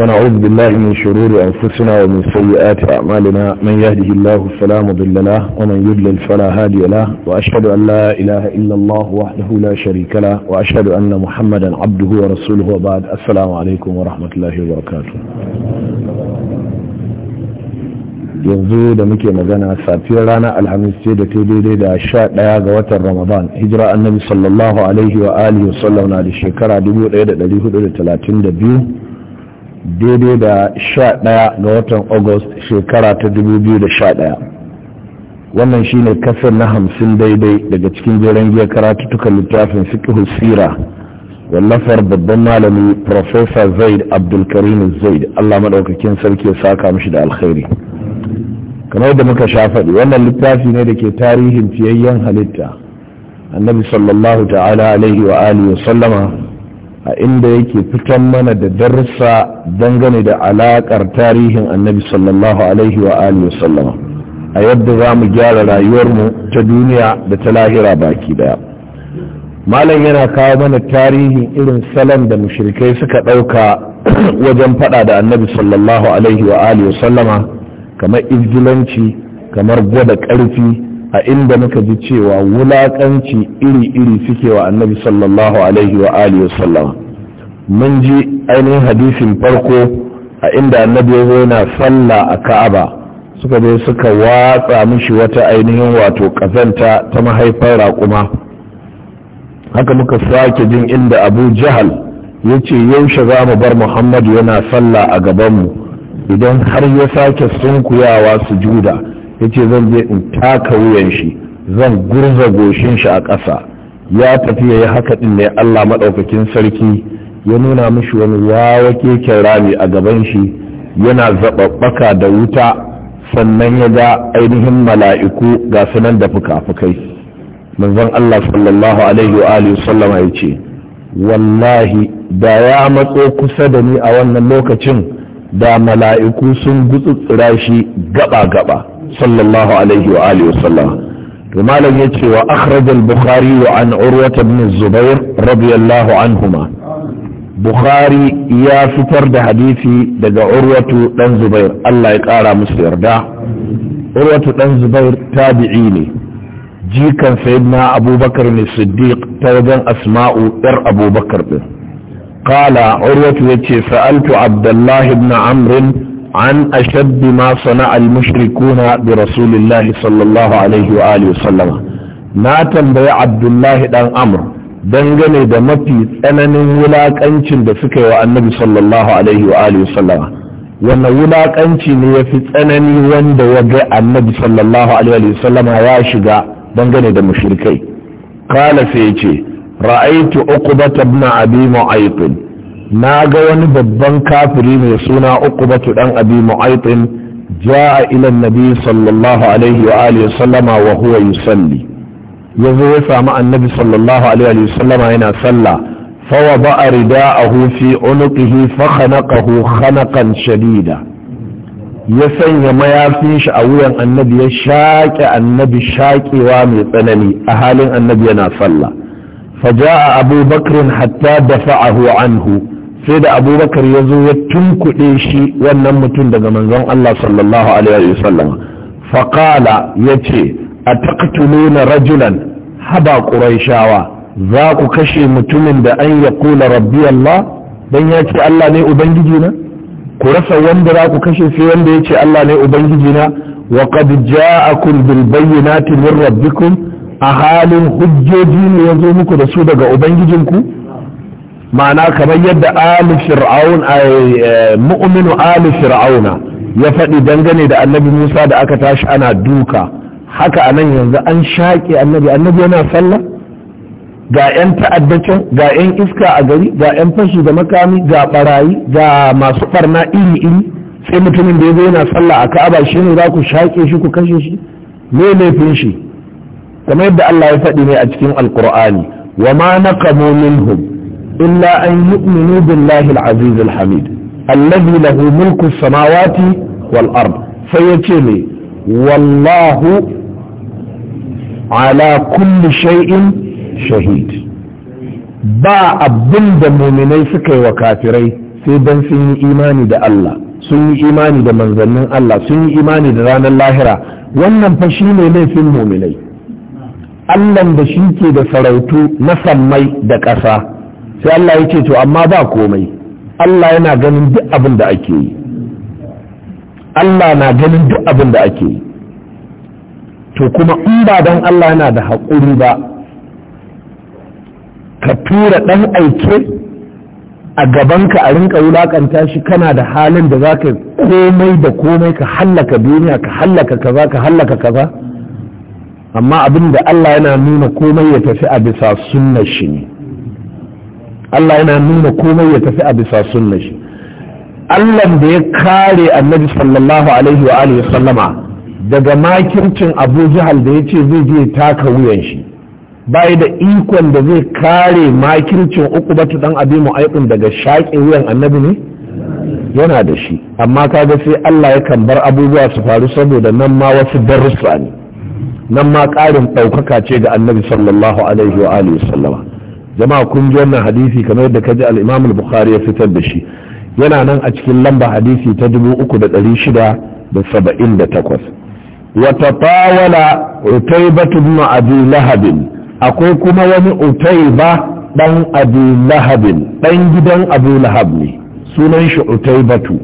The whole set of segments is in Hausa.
ونعوذ بالله من شرور أنفسنا ومن سيئات أعمالنا من يهده الله فلا مضل له ومن يضلل فلا هادي له وأشهد أن لا إله إلا الله وحده لا شريك له وأشهد أن محمدا عبده ورسوله وبعد السلام عليكم ورحمة الله وبركاته yanzu da muke magana safiyar ranar alhamis ce da ta daidai da sha ɗaya ga watan ramadan hijira annabi sallallahu alaihi wa alihi wa sallam na da shekara 1432 daidai da ɗaya ga watan august shekara ta da 2011 wannan shine kasar na hamsin daidai daga cikin jiran giya karatuttukan littafin fiqhu sira wallafar babban malami professor zaid abdulkarim zaid allah maɗaukakin sarki ya saka mishi da alkhairi kamar da muka sha faɗi wannan littafi ne da ke tarihin fiyayyen halitta annabi sallallahu ta'ala alaihi wa alihi wa sallama a inda yake fitan mana da darsa dangane da alaƙar tarihin annabi sallallahu alaihi wa alihi sallama a yadda za mu gyara rayuwarmu ta duniya da ta lahira baki daya malam yana kawo mana tarihin irin salon da mushrikai suka ɗauka wajen faɗa da annabi sallallahu alaihi wa alihi sallama kamar izgilanci kamar gwada ƙarfi a inda muka ji cewa wulaƙanci iri-iri suke wa annabi sallallahu alaihi wa alihi wasallam mun ji ainihin hadisin farko a inda annabi ya yana salla a ka'aba suka je suka watsa mishi wata ainihin wato kazanta ta mahaifar raƙuma haka muka sake jin inda abu jahal ya ce yaushe za mu bar muhammadu yana salla a gabanmu idan har ya sake sunkuyawa sujuda juda ya ce zan je in taka wuyan shi zan gurza goshin shi a ƙasa ya tafi ya yi haka ɗin ne allah maɗaukakin sarki ya nuna mishi wani wawa keken rami a gaban shi yana zaɓaɓɓaka da wuta sannan ya ga ainihin mala'iku ga sunan da fuka-fukai manzon allah sallallahu alaihi wa alihi sallama ya ce wallahi da ya matso kusa da ni a wannan lokacin da mala'iku sun gutsutsura shi gaba-gaba sallallahu alaihi wa alihi wasallam to malam ya ce wa akhraj bukhari wa an urwa ibn zubair radiyallahu anhuma bukhari ya fitar da hadisi daga urwatu dan zubair Allah ya kara musu yarda urwatu dan zubair tabi'i ne jikan sayyidina abubakar ne siddiq ta wajen asma'u yar abubakar din qala urwatu yace sa'altu abdullahi ibn amr an ashaddi ma sana al-mushrikuna bi rasulillahi sallallahu alaihi wa alihi wasallama na tambayi abdullahi dan amr dangane da mafi tsananin wulakancin da suka yi wa annabi sallallahu alaihi wa alihi wasallama wanda wulakanci ne ya fi tsanani wanda ya ga annabi sallallahu alaihi wasallama ya shiga dangane da mushrikai kala sai ce ra'aitu uqbata ibn abi mu'ayth na ga wani babban kafiri mai suna uku batu dan abi mu'aitin ja'a ila nabi sallallahu alaihi wa alihi sallama wa huwa yusalli yazo ya samu annabi sallallahu alaihi wa sallama yana sallah fa wada rida'ahu fi unuqihi fa khanaqahu khanaqan shadida ya sanya mayafin shi a wuyan annabi ya shaƙe annabi shaƙewa mai tsanani a halin annabi yana sallah faja'a abubakar hatta dafa'ahu anhu sai da abubakar ya zo ya tunkuɗe shi wannan mutum daga manzon Allah sallallahu alaihi wasallam faƙala ya ce a taƙatuluna rajulan haba ƙuraishawa za ku kashe mutumin da an ya kula rabbi Allah don ya ce Allah ne Ubangiji na ku rasa wanda za ku kashe sai wanda ya ce Allah ne Ubangiji na wa qad ja'akum bil bayyinati min rabbikum a halin hujjoji ne ya zo muku da su daga Ubangijinku ku ma'ana kamar yadda ali fir'aun eh, mu'minu ali fir'auna ya faɗi dangane da annabi musa da aka tashi ana duka haka anan yanzu an shaƙe annabi annabi yana sallah ga 'yan ta'addacin ga 'yan iska a gari ga 'yan fashi da makami ga barayi ga masu barna iri-iri sai mutumin da ya zo yana sallah a ka'aba shi ne za ku shaƙe shi ku kashe shi me laifin shi kamar yadda Allah ya faɗi ne a cikin alkur'ani wa ma naqamu minhum illa an yu'minu billahi al-aziz hamid alladhi lahu mulku as-samawati wal ard sai yace ne wallahu ala kulli shay'in shahid ba abinda muminai suka yi wa kafirai sai dan sun yi imani da Allah sun imani da manzannin Allah sun imani da ranar lahira wannan fa shi ne laifin muminai Allah da shi ke da sarautu na sammai da ƙasa sai Allah ya ce to amma ba komai Allah yana ganin duk abin da ake yi Allah na ganin duk abin da ake yi to kuma in ba don Allah yana da haƙuri ba ka tura ɗan aike a gaban ka a rinka wulaƙanta shi kana da halin da za ka komai da komai ka hallaka duniya ka hallaka kaza ka hallaka kaza amma abin da Allah yana nuna komai ya tafi a bisa sunnar shi ne Allah yana nuna komai ya tafi a bisa sunna shi Allah da ya kare annabi sallallahu alaihi wa alihi sallama daga makircin Abu Jahal da yace zai je taka wuyan shi bai da ikon da zai kare makircin ukubatu dan abi mu'aikun daga shaƙe wuyan annabi ne yana da shi amma kaga sai Allah ya yakan bar abubuwa su faru saboda nan ma wasu darussa ne nan ma ƙarin ɗaukaka ce ga annabi sallallahu alaihi wa alihi sallama jama'a kun ji wannan hadisi kamar yadda kaji al-Imam al-Bukhari ya fitar da shi yana nan a cikin lamba hadisi ta 3678 wa tatawala Utayba ibn Abi Lahab akwai kuma wani Utayba dan Abi Lahab dan gidan Abu Lahab ne sunan shi Utaybatu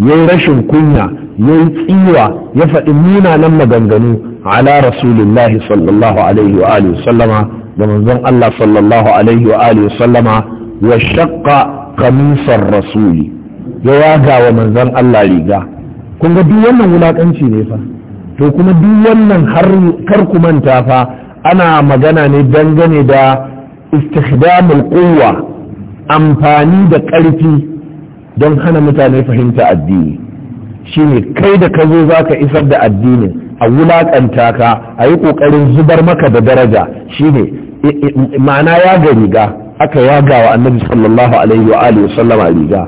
yayi rashin kunya yayi tsiwa ya faɗi munanan maganganu ala rasulillahi sallallahu alaihi wa alihi sallama da manzon Allah sallallahu alaihi wa alihi sallama wa shaqqa qamisar rasuli ya waga wa manzon Allah riga kun ga duk wannan wulakanci ne fa to kuma duk wannan har ku manta fa ana magana ne dangane da istikhdamul quwwa amfani da ƙarfi don hana mutane fahimta addini shine kai da ka zo za ka isar da addinin a wulaƙanta ka a yi ƙoƙarin zubar maka da daraja shine ma'ana ya ga riga aka yaga wa annabi sallallahu alaihi wa alihi sallama riga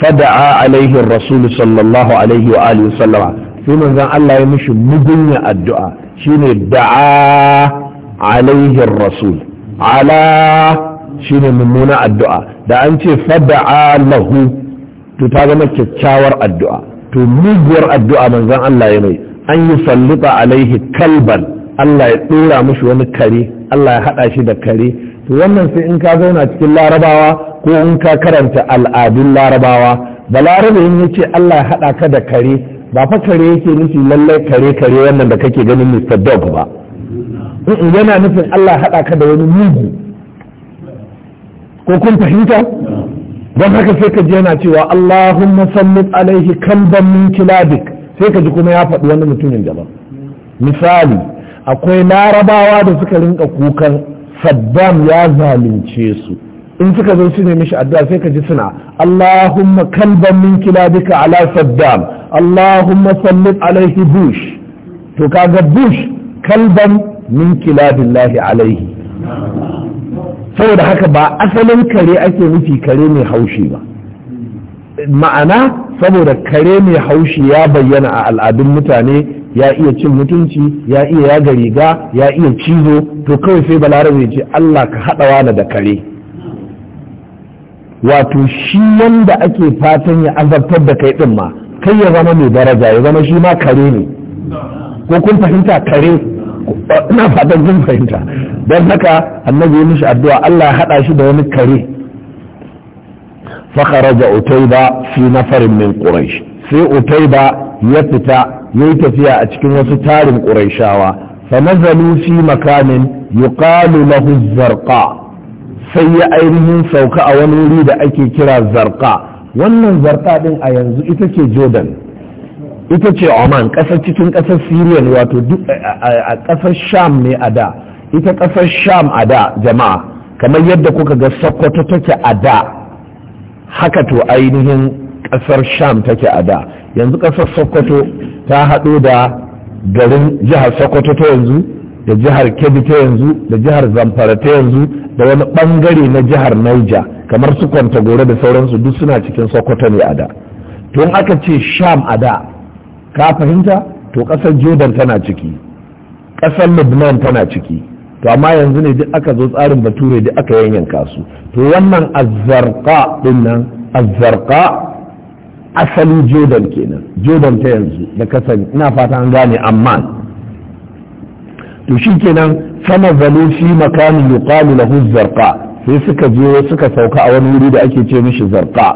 fada'a alaihi rasul sallallahu alaihi wa alihi sallama sai manzon Allah ya mishi mugunya addu'a shine da'a alaihi rasul ala shine mummuna addu'a da an ce fada'a lahu to ta zama kyakkyawar addu'a to muguwar addu'a manzon Allah ya mai an yi sallita alaihi kalban Allah ya ɗora mushi wani kare Allah ya haɗa shi da kare to wannan sai in ka zauna cikin larabawa ko in ka karanta al'adun larabawa balarabe in yace Allah ya haɗa ka da kare ba fa kare yake nufi lallai kare kare wannan da kake ganin Mr Dog ba in yana nufin Allah ya haɗa ka da wani mugu ko kun fahimta don haka sai ka ji yana cewa Allahumma sallit alaihi kalban min kiladik sai ka ji kuma ya faɗi wani mutumin daban misali akwai larabawa da suka rinka kukan saddam ya zalunce su in suka zo su nemi shi addu'a sai ka ji suna allahumma kalban min bika ala saddam allahumma sallit alaihi bush to kaga bush kalban min kilabillahi alaihi saboda haka ba asalin kare ake nufi kare mai haushi ba ma'ana saboda kare mai haushi ya bayyana a al'adun mutane ya iya cin mutunci ya iya yaga riga ya iya cizo to kawai sai balarabe ce Allah ka haɗa wani da kare wato shi wanda ake fatan ya azabtar da kai ɗin ma kai ya zama mai daraja ya zama shi ma kare ne ko kun fahimta kare ina fatan kun fahimta don haka annabi ya mishi addu'a Allah ya haɗa shi da wani kare kharaja utayba fi نفر min quraish Sai utayba ya fita ya yi tafiya a cikin wasu tarin ƙuraishawa fanazalu fi makamin yuqalu lahu zarqa sai ya ainihin sauka a wani wuri da ake kira zarqa wannan zarqa din a yanzu ita ce jordan ita ce oman ƙasar cikin ƙasar syrian wato duk a ƙasar sham ne a da ita ƙasar sham a da jama'a kamar yadda kuka ga sokoto take a da haka to ainihin ƙasar sham take a da yanzu ƙasar sokoto ta haɗo da garin jihar sokoto ta yanzu da jihar kebbi ta yanzu da jihar zamfara ta yanzu da wani ɓangare na jihar naija kamar su kwanta gore da sauransu duk suna cikin sokoto ne a da to in aka ce sham a da ka fahimta to ƙasar jordan tana ciki ƙasar lebanon tana ciki to amma yanzu ne duk aka zo tsarin bature duk aka yanyanka su to wannan azzarqa dinnan azzarqa asali jordan kenan jordan ta yanzu da kasan ina fata an gane amma to shi kenan sama zalo shi makamin yuqalu lahu zarqa sai suka je suka sauka a wani wuri da ake ce mishi zarqa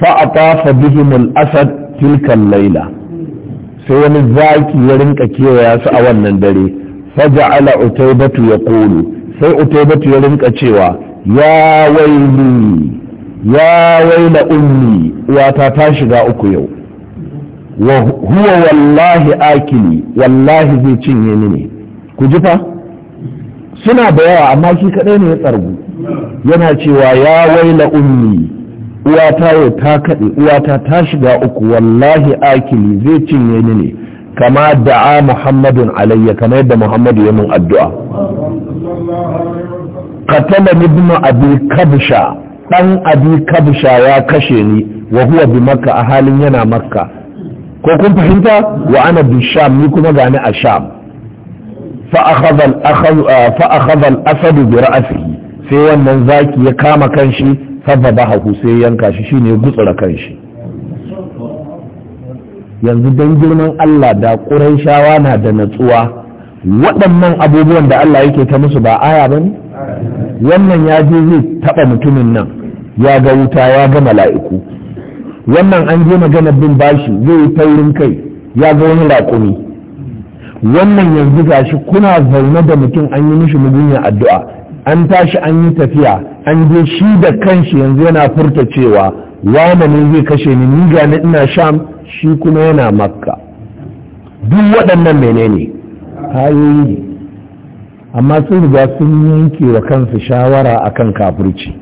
fa atafa bihim al-asad tilka al-laila sai wani zaki ya rinka kewaya su a wannan dare faja'ala utaybatu yaqulu sai utaybatu ya rinka cewa ya waili ya da ummi uwata ta shiga uku yau wa huwa wallahi akili wallahi zai cinye ni ne ku ji fa suna da yawa amma shi kadai ne ya tsargu yana cewa ya da ummi uwata yau ta kaɗe uwata ta shiga uku wallahi akili zai cinye ni ne kama da'a muhammadun alayya kama yadda muhammadu ya mun addu'a qatala ibn abi kabsha dan abi kabsha ya kashe ni wa huwa bi makka a halin yana makka ko kun fahimta wa ana bi sham ni kuma gani a sham fa akhadha al ah, asad bi ra'sihi sai wannan zaki ya kama kanshi sababa haku sai yanka shi shine gutsura kanshi yanzu dan girman Allah da shawa na da natsuwa waɗannan abubuwan da Allah yake ta musu ba aya ba wannan ya je zai taɓa mutumin nan ya ga wuta ya ga mala'iku wannan an je maganar bin bashi zai yi taurin kai ya ga wani laƙumi wannan yanzu gashi kuna zaune da mutum an yi mishi mugunya addu'a an tashi an yi tafiya an je shi da kanshi yanzu yana furta cewa wane ne zai kashe ni ni ga ina sham shi kuma yana makka duk waɗannan menene kayoyi amma sun riga sun yanke wa kansu shawara akan kafirci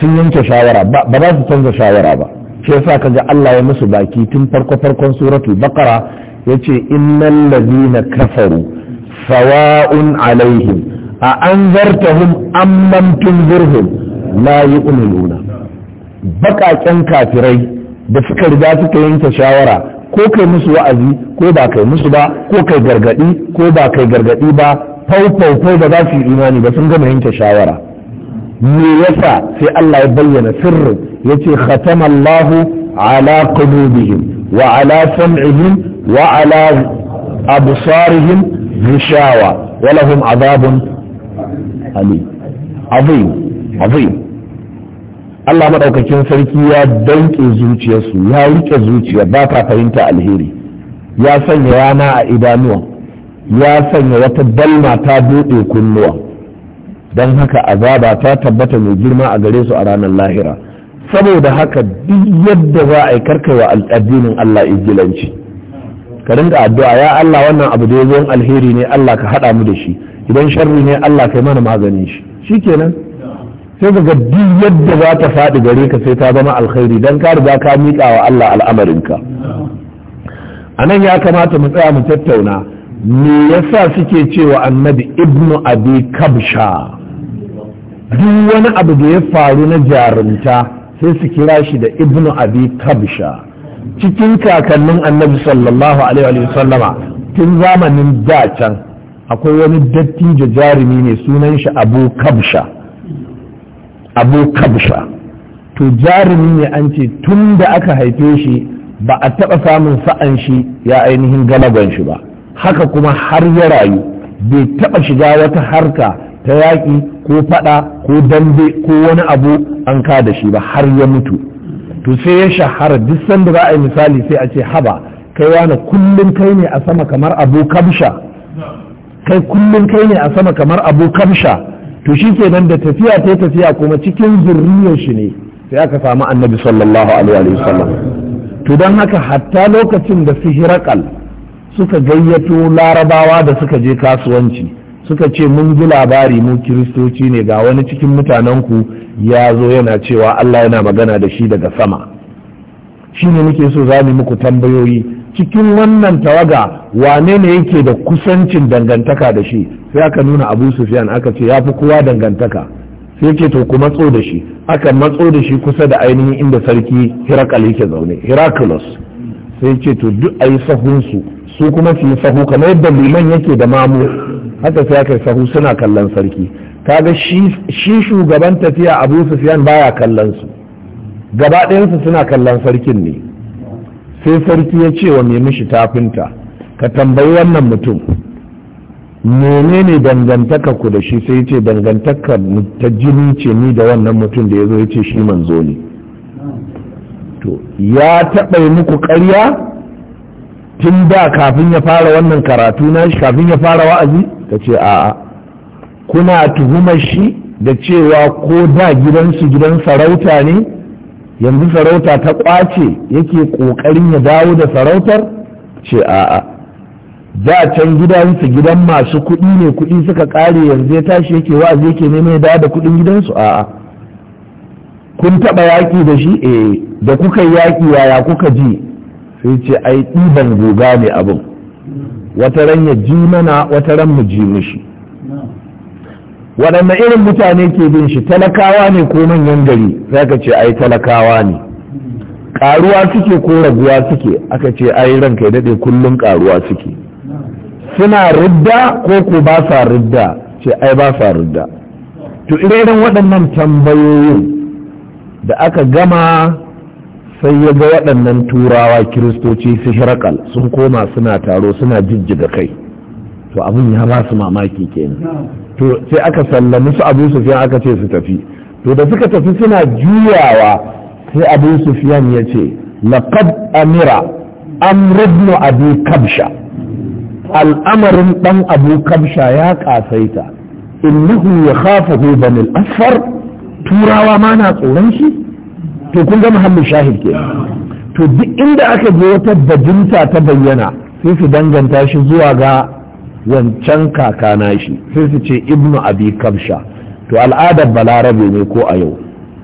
sun yanke shawara ba ba su canza shawara ba shi yasa ga Allah ya musu baki tun farko farkon suratul baqara yace innal ladina kafaru sawa'un alaihim a anzartahum am lam tunzirhum la yu'minuna bakaken kafirai da suka riga suka yanke shawara ko kai musu wa'azi ko ba kai musu ba ko kai gargadi ko ba kai gargadi ba fau fau fau ba za su yi imani ba sun gama yanke shawara me yasa sai Allah ya bayyana sirrin yace khatama Allah ala qulubihim wa ala sam'ihim wa ala absarihim ghishawa wa lahum adhabun ali azim azim Allah madaukakin sarki ya danke zuciyarsu ya rike zuciya ba ta fahimta alheri ya sanya rana a idanuwa ya sanya wata dalma ta buɗe kunnuwa don haka azaba ta tabbata mai girma a gare su a ranar lahira saboda haka duk yadda za a yi wa addinin Allah izgilanci ka rinka addu'a ya Allah wannan abu da zo alheri ne Allah ka hada mu da shi idan sharri ne Allah kai mana maganin shi kenan, sai ka ga duk yadda za ta faɗi gare ka sai ta zama alkhairi dan ka riga ka miƙa wa Allah al'amarinka a nan ya kamata mu tsaya mu tattauna me yasa suke cewa annabi ibnu abi kabsha duk wani abu da ya faru na jarumta sai su kira shi da Ibn abi kabsha cikin kakannin annabi sallallahu alaihi wa sallama tun zamanin da can akwai wani dattijo jarumi ne sunan shi abu kabsha abu kabsha to jarumi ne an ce tun da aka haife shi ba a taɓa samun sa'an shi ya ainihin galaban shi ba haka kuma har ya rayu bai taɓa shiga wata harka ta yaƙi ko faɗa ko dambe ko wani abu an ka da shi ba har ya mutu to sai ya shahara duk sanda za a yi misali sai a ce haba kai wani kullum kai ne a sama kamar abu kamsha kai kullum kai ne a sama kamar abu kamsha to shi ke nan da tafiya ta tafiya kuma cikin zurriyar shi ne sai aka samu annabi sallallahu alaihi wasallam to don haka hatta lokacin da su suka gayyato larabawa da suka je kasuwanci suka ce mun ji labari mu kiristoci ne ga wani cikin mutanenku ya zo yana cewa Allah yana magana da shi daga sama shi ne muke so za mu muku tambayoyi cikin wannan tawaga wane ne yake da kusancin dangantaka da shi sai aka nuna abu sufyan aka ce ya fi kowa dangantaka sai ce to ku matso da shi aka matso da shi kusa da ainihin inda sarki hirakal yake zaune hiraklus sai ce to duk a yi sahunsu su kuma su yi sahu kamar yadda liman yake da mamu haka sai aka sahu suna kallon sarki kaga shi shugaban tafiya abu sufyan baya kallon su gaba ɗayansu suna kallon sarkin ne sai sarki ya ce wa mai mishi tafinta ka tambayi wannan mutum menene dangantaka ku da shi sai ce dangantaka ta jini ce ni da wannan mutum da ya zo ya ce shi manzo ne to ya taɓa muku ƙarya tun da kafin ya fara wannan karatu na shi kafin ya fara wa'azi ta ce a kuna tuhumar shi da cewa ko da gidansu gidan sarauta ne yanzu sarauta ta kwace yake kokarin ya dawo da sarautar ce a'a da can gidansu gidan masu kuɗi ne kuɗi suka ƙare yanzu ya tashi yake wa'azi yake neman ya dawo da kuɗin gidansu a kun taɓa yaƙi da shi eh da kuka yaƙi yaya kuka ji sai ce ai ɗiban goga ne abin wata ran ya ji mana wata ran mu ji mishi waɗanne irin mutane ke bin shi talakawa ne ko manyan gari za ka ce ai talakawa ne ƙaruwa suke ko raguwa suke aka ce ai ranka ya daɗe kullum ƙaruwa suke suna ridda ko ko ba sa ridda ce ai ba sa ridda to irin waɗannan tambayoyin da aka gama sai ya ga waɗannan turawa kiristoci su hirakal sun koma suna taro suna jijjiga kai to abin ya ba su mamaki kenan to sai aka sallami su abu sufiyan aka ce su tafi to da suka tafi suna juyawa sai abu sufiyan ya ce laqad amira amr ibn abi kabsha al'amarin dan abu kabsha ya kasaita innahu yakhafuhu banil asfar turawa ma na tsoron shi to kun ga muhammad shahid ke to duk inda aka je wata bajinta ta bayyana sai su danganta shi zuwa ga wancan kakana shi sai su ce ibnu abi kabsha to al'adar balarabe ne ko a yau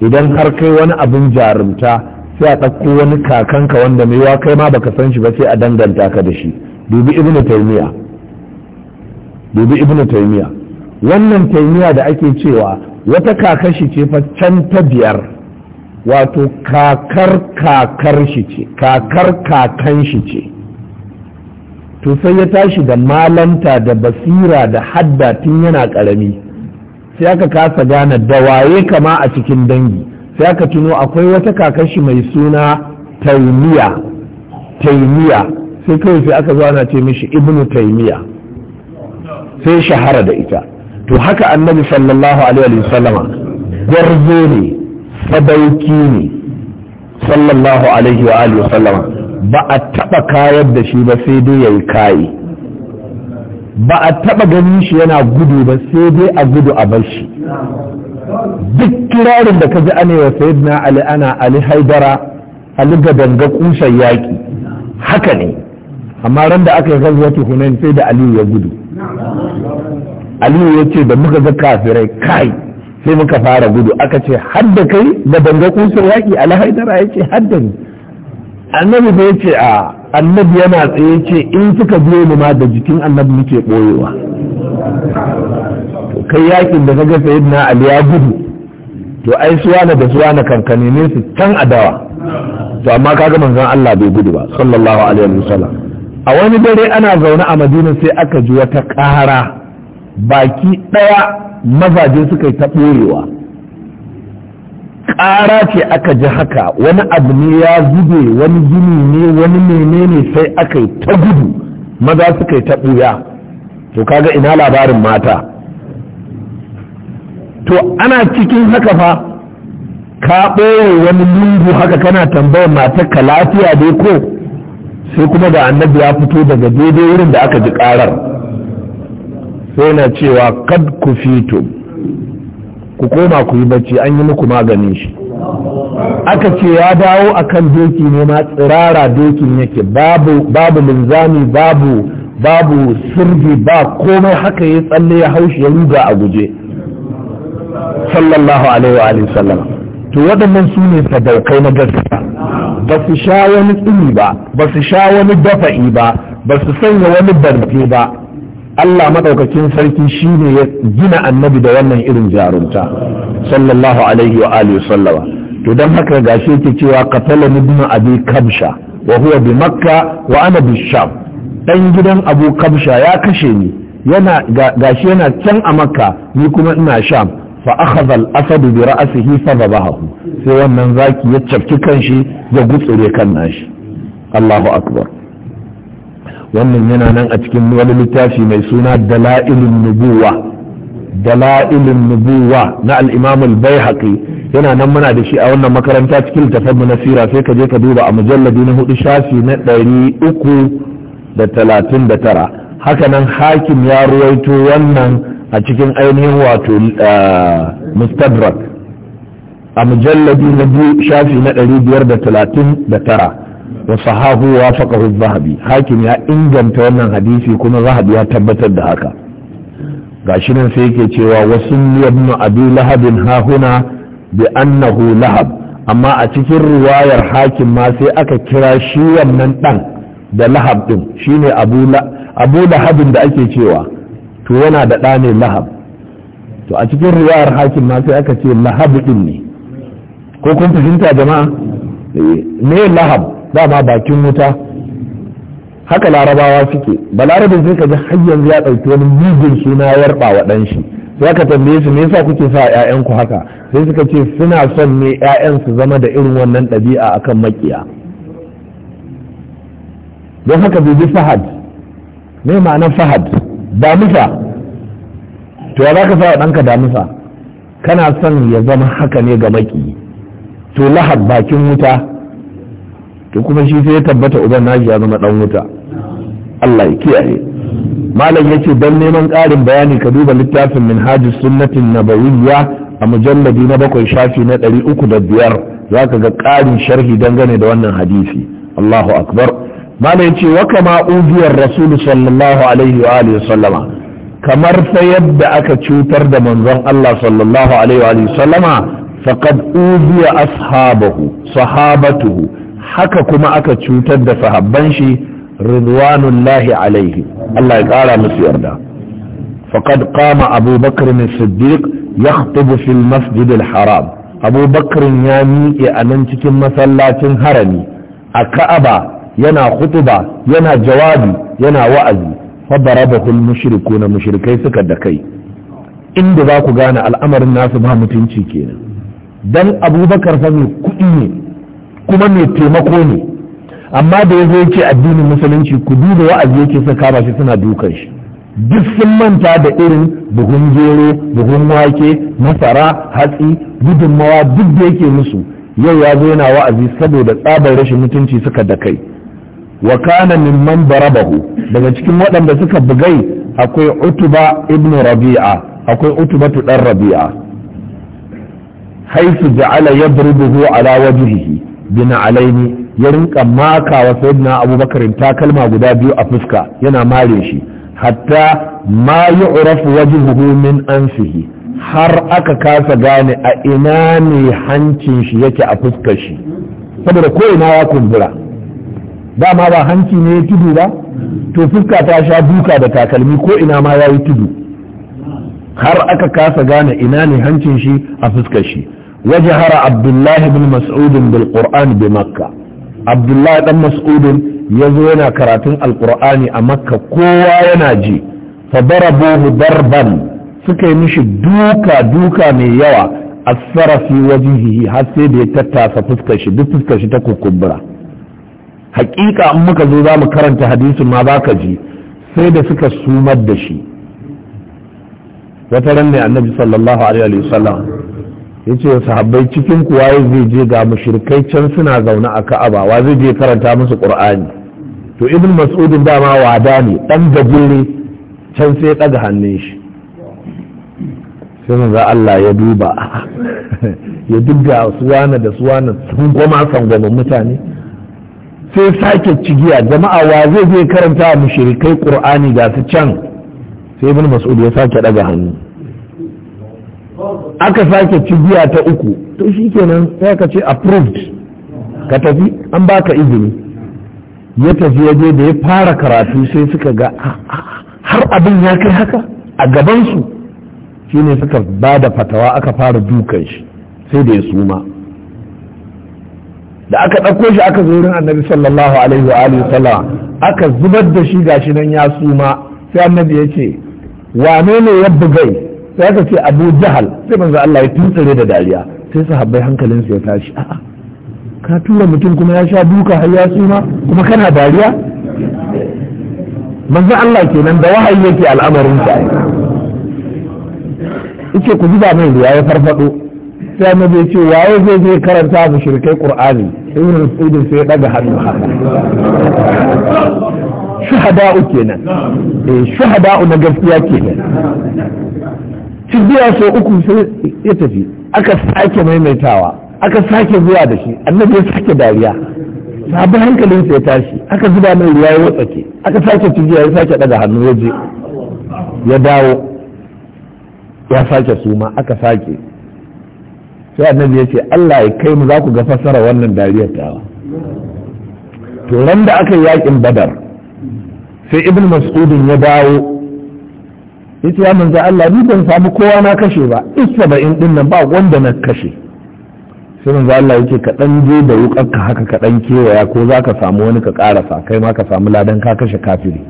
idan har kai wani abin jarumta sai a ɗauko wani kakanka wanda mai kai ma baka san shi ba sai a danganta ka da shi dubi ibnu taymiya dubi ibnu taymiya wannan taimiya da ake cewa wata kakashi ce fa can ta biyar wato kakar kakar shi ce kakar kakan shi ce to sai ya tashi da malanta da basira da hadda tun yana karami sai aka kasa gane dawaye kama a cikin dangi sai aka tuno akwai wata kakar shi mai suna taimiya taimiya sai kawai sai aka zo ana ce mishi ibnu taimiya sai shahara da ita to haka annabi sallallahu alaihi wasallama gwarzo ne sadauki ne sallallahu alaihi wa alihi sallama ba a taba kayar da shi ba sai dai yayi kayi ba a taba ganin shi yana gudu ba sai dai a gudu a bar shi duk kirarin da kaji ana wa sayyidina ali ana ali haidara ali ga danga kusan yaki haka ne amma ran da aka yi gazwatu hunain sai da aliyu ya gudu aliyu ya ce da muka ga kafirai kai sai muka fara gudu aka ce hadda kai da banga kusur yaƙi alhaidara ya ce hadda ni annabi bai ce a annabi yana tsaye ce in suka biyo ni da jikin annabi muke ɓoyewa kai yakin da kaga sai na ali ya gudu to ai suwana da suwana kankane ne su can adawa to amma kaga manzon Allah bai gudu ba sallallahu alaihi wasallam a wani dare ana zaune a madina sai aka ji wata ƙara baki ɗaya mazaje suka yi ta ɓoyewa ƙara ce aka ji haka wani abu ne ya zube wani gini ne wani menene sai aka yi ta gudu maza suka yi ta ɓuya to kaga ina labarin mata to ana cikin haka fa ka ɓoye wani lungu haka kana tambayar matarka lafiya dai ko sai kuma ga annabi ya fito daga daidai wurin da aka ji ƙarar sai na cewa kad ku fito ku koma ku yi bacci an yi muku maganin shi aka ce ya dawo akan doki ne ma tsirara dokin yake babu linzami babu babu sirri ba komai haka ya tsalle ya haushi ya ruga a guje sallallahu alaihi wa sallam to waɗannan su ne sadaukai na gaskiya ba su sha wani tsini ba ba su sha wani dafa'i ba ba su sanya wani barbe ba Allah madaukakin sarki shine ya gina annabi da wannan irin jarumta sallallahu alaihi wa alihi sallama to dan haka gashi yake cewa qatala ibn abi kabsha wa huwa bi makka wa ana bi sham dan gidan abu kabsha ya kashe ni yana gashi yana can a makka ni kuma ina sham fa akhadha al-asad bi ra'sihi fa dhabahu sai wannan zaki ya cafki kanshi ya gutsure kan nashi Allahu akbar wannan yana nan a cikin wani littafi mai suna dala'ilun nubuwa nubuwa na al-imam al-baihaqi yana nan muna da shi a wannan makaranta cikin littafin na sira sai ka je ka duba a mujallabi na hudu shafi na ɗari uku da talatin da tara haka nan hakim ya ruwaito wannan a cikin ainihin wato eh, mustadrak a mujallabi na shafi na ɗari biyar da talatin da tara wa sahahu wa faqahu zahabi hakim ya inganta wannan hadisi kuma zahabi ya tabbatar da haka gashi nan sai yake cewa wasu ibn abi lahabin hahuna bi annahu lahab amma a cikin riwayar hakim ma sai aka kira shi wannan dan da lahab din shine abu abu lahabin da ake cewa to yana da ɗa ne lahab to a cikin riwayar hakim ma sai aka ce lahab din ne ko kun fahimta jama'a ne eh, lahab dama bakin wuta haka larabawa suke balarabin sai ka ji har yanzu ya ɗauki wani mijin suna ya rba wa ɗan shi sai ka tambaye su me yasa kuke sa ƴaƴan ku haka sai suka ce suna son ne ƴaƴan su zama da irin wannan ɗabi'a akan makiya don haka bibi fahad me ma'anar fahad damisa to ya zaka sa ɗanka damisa kana son ya zama haka ne ga maki to lahab bakin wuta to kuma shi sai ya tabbata uban naji ya zama dan wuta Allah ya kiyaye malam yace dan neman ƙarin bayani ka duba littafin minhajus sunnatin nabawiyya a mujalladi na bakwai shafi na ɗari uku da biyar za ka ga ƙarin sharhi dangane da wannan hadisi Allahu akbar malam yace wa kama ubiyar rasul sallallahu alaihi wa alihi sallama kamar fa yadda aka cutar da manzon Allah sallallahu alaihi wa alihi sallama faqad ubiya ashabahu sahabatuhu haka kuma aka cutar da sahabban shi ridwanullahi alaihi Allah ya kara musu yarda faqad qama Abu Bakr as-Siddiq yakhutubu fil masjid al-haram Abu Bakr ya miƙe a nan cikin masallacin harami a Ka'aba yana khutuba yana jawabi yana wa'azi fa darabahu al na mushrikai suka da kai inda za ku gane al'amarin nasu ba mutunci kenan dan Abubakar Bakar kuɗi ne kuma mai taimako ne amma da ya zo yake addinin musulunci ku duba wa'azi yake saka ba shi suna dukan shi duk sun manta da irin buhun gero buhun wake masara hatsi gudunmawa duk da yake musu yau ya zo yana wa'azi saboda tsabar rashin mutunci suka da kai wa kana man barabahu daga cikin waɗanda suka bugai akwai utuba ibn rabi'a akwai utubatu dan rabi'a haisu ja'ala yadrubuhu ala wajhihi bin alaini ya rinka maka wa sayyidina abubakar takalma guda biyu a fuska yana mare shi hatta ma yu'rafu wajhuhu min anfihi har aka kasa gane a ina ne hancin shi yake a fuskar shi saboda ko ina ya kumbura dama ba hanci ne ya tudu ba to fuska ta sha duka da takalmi ko ina ma ya yi tudu har aka kasa gane ina ne hancin shi a fuskar shi وجهر عبد الله بن مسعود بالقران بمكه عبد الله yana karatun يزونا a makka kowa yana ji فضربوه ضربا suka yi mishi duka duka mai yawa a sarafi wajihihi har sai da ya tattasa fuskar shi duk fuskar shi ta kukumbura hakika in muka zo za mu karanta hadisin ma baka ji sai da suka sumar da shi wata ran ne annabi sallallahu alaihi wasallam ya ce sahabbai cikin kuwa zai je ga mushrikai can suna zaune a ka'aba wa zai je karanta musu qur'ani to ibn mas'udin dama wada ne dan gajere can sai ya ɗaga hannun shi sai za Allah ya duba ya dubga suwana da suwana sun goma sangwamin mutane sai sake cigiya jama'a wa zai je karanta mushrikai qur'ani ga su can sai ibn mas'ud ya sake ɗaga hannu aka sake ci giya ta uku to shi kenan sai ka ce approved ka tafi an baka izini ya tafi ya je da ya fara karatu sai suka ga ah, ah, ah, har abin ya kai haka a gabansu shi ne suka ba da fatawa aka fara dukan shi sai da ya suma da aka ɗauko shi aka zo wurin annabi sallallahu alaihi wa alihi aka zubar da shi gashi nan ya suma sai annabi ya ce wane ne ya bugai sai aka ce abu jahal sai manzo Allah ya tuntsire da dariya sai sahabbai hankalinsu ya tashi a'a ka tura mutum kuma ya sha duka har ya tsuma kuma kana dariya manzo Allah kenan da wahayi yake al'amarin sa yace ku zuba mai da ya farfado sai annabi ya ce waye zai je karanta mu shirkai qur'ani ibn mas'ud sai ya daga hannu haka shuhada'u kenan eh shuhada'u na gaskiya kenan biya sau uku sai ya tafi aka sake maimaitawa aka sake zuwa da shi annabi ya sake dariya sabon hankalin sai tashi aka zuba mai ruwa ya watsake aka sake tibiya ya sake daga hannu ya je ya dawo ya sake suma aka sake sai annabi ya ce Allah ya kai mu za ku ga fassara wannan dariyar tawa to ran da aka yi yakin badar sai ibn mas'udin ya dawo yace ya manzo Allah ni ban samu kowa na kashe ba ba in nan ba wanda na kashe sai manzo Allah yake ka dan je da wukarka haka ka dan kewaya ko zaka samu wani ka karasa kai ma ka samu ladan ka kashe kafiri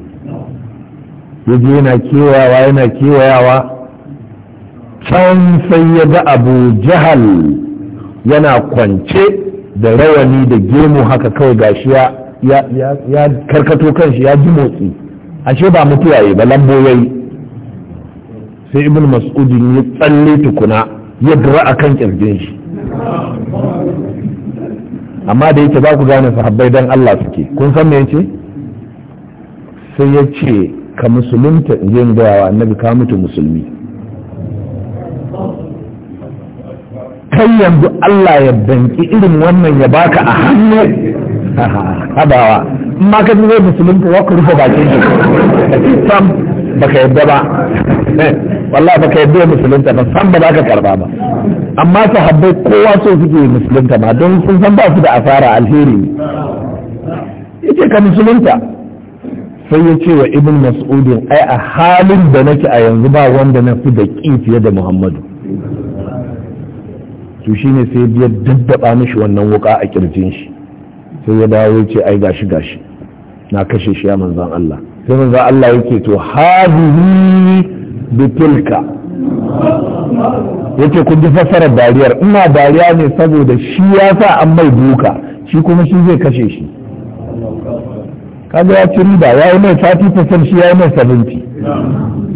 yaje yana kewayawa yana kewayawa can sai ya ga abu jahal yana kwance da rawani da gemu haka kawai gashi ya karkato kanshi ya ji motsi ashe ba mutuwaye ba lambo sai ibn mas'udin ya tsalle tukuna ya dura a kan kirgin shi amma da yake ba ku gane sahabbai dan Allah suke kun san me yace sai ya ce ka musulunta in yin gawa annabi ka mutu musulmi kai yanzu Allah ya danki irin wannan ya baka a hannu habawa ma ka zai musulunta za ku rufe bakin sam ka yadda ba wallahi yadda ba sam ba za ka karba ba amma sahabbai kowa so suke musulunta ba don sun san ba su da asara alheri ne. yake ka musulunta sai ya ce wa ibn mas'udin ai a halin da nake a yanzu ba wanda na fi da ƙi fiye da muhammadu to shine sai biyar daddaba mishi wannan wuka a kirjin shi sai ya dawo ya ce ai gashi gashi na kashe shi ya manzan Allah sai manzan Allah yake to hadihi bi tilka yace kun ji fassarar dariyar ina dariya ne saboda shi ya sa an mai duka shi kuma shi zai kashe shi kaga ya ci riba ya yi mai sati fasar shi ya yi mai sabinti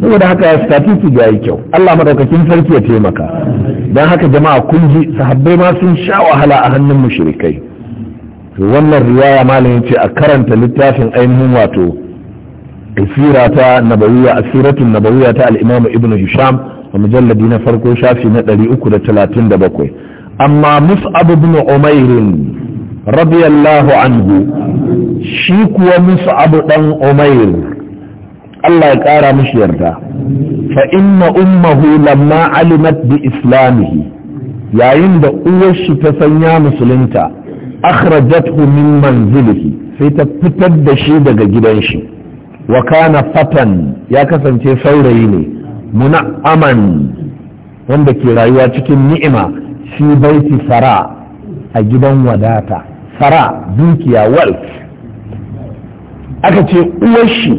saboda haka sati su ya yi kyau Allah madaukakin sarki ya taimaka don haka jama'a kun ji sahabbai ma sun sha wahala a hannun mushrikai wannan riwaya malam yace a karanta littafin ainihin wato asira ta nabawiya asiratun nabawiya ta al-imam ibnu hisham a mujalladi na farko shafi na 337 amma mus'ab ibn umair radiyallahu anhu shi kuwa mus'ab dan umair Allah ya kara mishi yarda fa inna ummuhu lamma alimat bi islamihi yayin da uwar shi ta sanya musulunta akhrajathu min manzilihi sai ta fitar da shi daga gidan shi wa kana fatan ya kasance saurayi ne muna'aman wanda ke rayuwa cikin ni'ima shi baiti fara a gidan wadata Fara, dukiya wealth aka ce uwar shi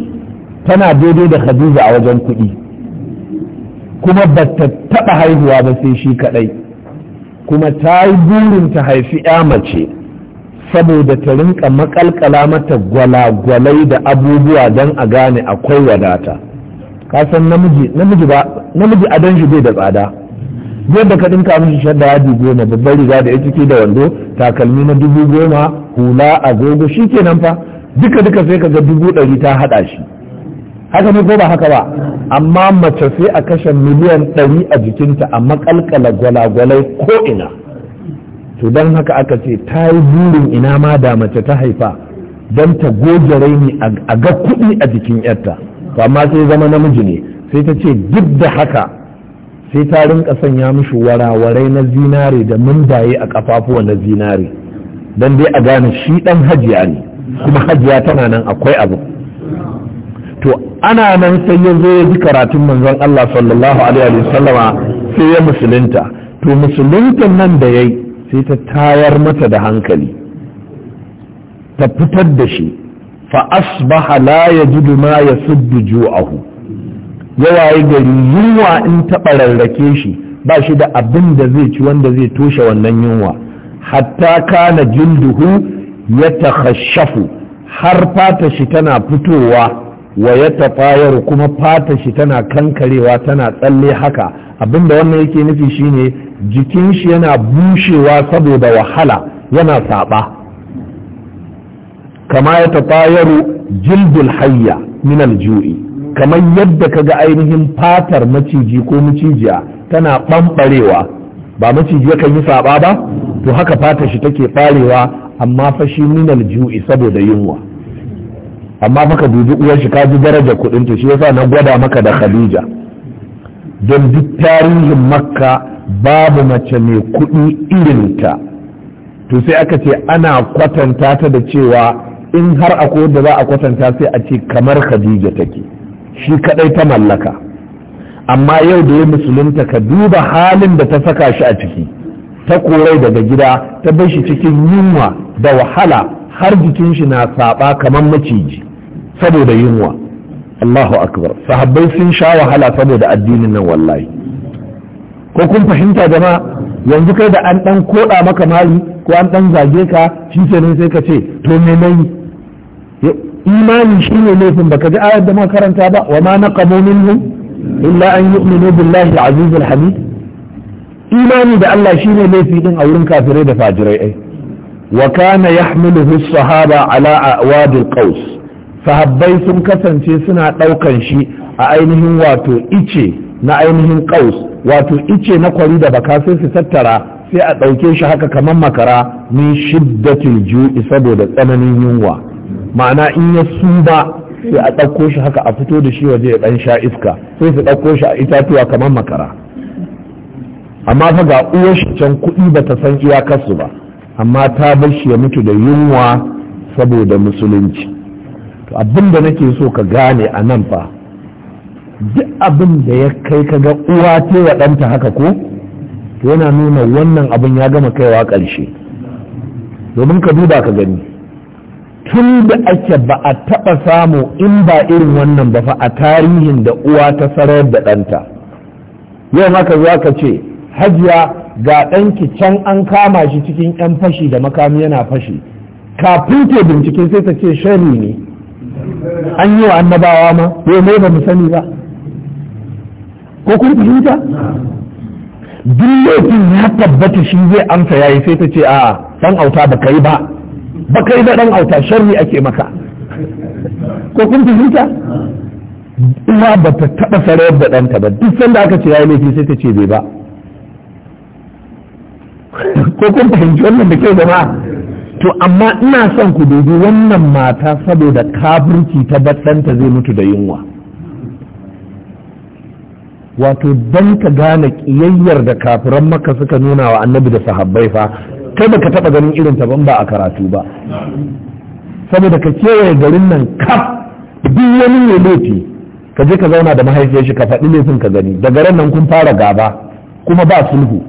tana daidai da khadija a wajen kuɗi kuma ba ta taɓa haihuwa ba sai shi kaɗai kuma ta yi burin ta haifi ya mace saboda ta rinka makalkala mata gwalagwalai da abubuwa don a gane akwai wadata ka san namiji adon shi bai da tsada yadda ka ɗinka mishi shadda dubu goma babbar riga da ya ciki da wando takalmi na dubu goma hula agogo shi kenan fa duka duka sai ka ga dubu ɗari ta haɗa shi haka ne ko ba haka ba amma mace sai a kashe miliyan ɗari a jikinta a makalkala gwalagwalai ko ina to don haka aka ce ta yi burin ina ma da mace ta haifa don ta goge raini a ga kuɗi a jikin yarta to amma sai zama namiji ne sai ta ce duk da haka sai ta rinka sanya mishi warawarai na zinare da mundaye a kafafuwa na zinare don dai a gane shi dan hajiya ne kuma hajiya tana nan akwai abu to ana nan sai ya zo ya ji karatun manzon Allah sallallahu alaihi wasallama sai ya musulunta to musulunta nan da yayi sai ta tayar mata da hankali ta fitar da shi fa asbaha ji duma ma suddu ju'ahu yawaye gari yunwa in taɓa rarrake shi ba shi da abin da zai ci wanda zai toshe wannan yunwa hatta kana jilduhu ya kashafu. har fata shi tana fitowa wa ya tafayaru kuma fata shi tana kankarewa tana tsalle haka abinda wannan yake nufi shine jikin shi yana bushewa saboda wahala yana saba kama ya tafayaru jildul hayya min ju'i kamar yadda ka ga ainihin fatar maciji ko macijiya tana ɓamɓarewa ba maciji yakan yi saba ba to haka fata shi take ɓarewa amma fashi min ju'i saboda yunwa amma maka dubi uwar shi ka ji darajar kuɗin ta shi yasa na gwada maka da khadija don duk tarihin makka babu mace mai kuɗi irinta to sai aka ce ana kwatanta ta da cewa in har akwai da za a kwatanta sai a ce kamar khadija take shi kadai ta mallaka amma yau da ya musulunta ka duba halin da ta saka shi a ciki ta korai daga gida ta bar shi cikin yunwa da wahala har jikin shi na saba kamar maciji saboda yunwa Allahu akbar sahabbai sun sha wahala saboda addinin nan wallahi ko kun fahimta jama'a yanzu kai da an dan koda maka mali ko an dan zage ka shi ne sai ka ce to me nayi imani shine laifin baka ji ayar da makaranta ba wa ma naqamu minhum illa an yu'minu billahi al-aziz al-hamid imani da Allah shine laifi din a wurin kafirai da fajirai ai wa kana yahmiluhu as-sahaba ala awad al-qaws sahabbai sun kasance suna ɗaukan shi a ainihin wato ice na ainihin ƙaus wato ice na kwari da baka sai su tattara sai a ɗauke shi haka kamar makara min shiddatil ju'i saboda tsananin yunwa ma'ana in ya suba sai a ɗauko shi haka a fito da shi waje ya ɗan sha iska sai su ɗauko shi a itatuwa kamar makara amma fa ga uwar shi can kuɗi ba ta san iyakarsu ba amma ta bar shi ya mutu da yunwa saboda musulunci to abin da nake so ka gane a nan fa duk abin da ya kai ka ga uwa ce wa ɗanta haka ko to yana nuna wannan abin ya gama kaiwa ƙarshe domin ka duba ka gani tun da ake ba a taɓa samu in ba irin wannan ba fa a tarihin da uwa ta sarar da ɗanta yau haka za ka ce hajiya ga ɗanki can an kama shi cikin 'yan fashi da makami yana fashi kafin ke bincike sai ta ce shari ne an yi wa annabawa ma yau ne ba mu sani ba ko kun fahimta duk laifin ya tabbata shi zai amsa yayi sai ta ce a dan auta ba kai ba ba kai ba dan auta sharri ake maka ko kun fahimta uwa ba ta taba sarayar da ɗanta ba duk sanda aka ce yayi laifi sai ta ce bai ba ko kun fahimci wannan da kyau jama'a to amma ina son ku dubi wannan mata saboda kafirci ta baddanta zai mutu da yunwa wato don ka gane kiyayyar da kafiran maka suka nuna wa annabi da sahabbai fa kai ka taba ganin irin ta ban ba a karatu ba saboda ka kewaye garin nan kaf duk wani ne laifi ka je ka zauna da mahaifiyar shi ka faɗi laifin ka gani daga ran nan kun fara gaba kuma ba sulhu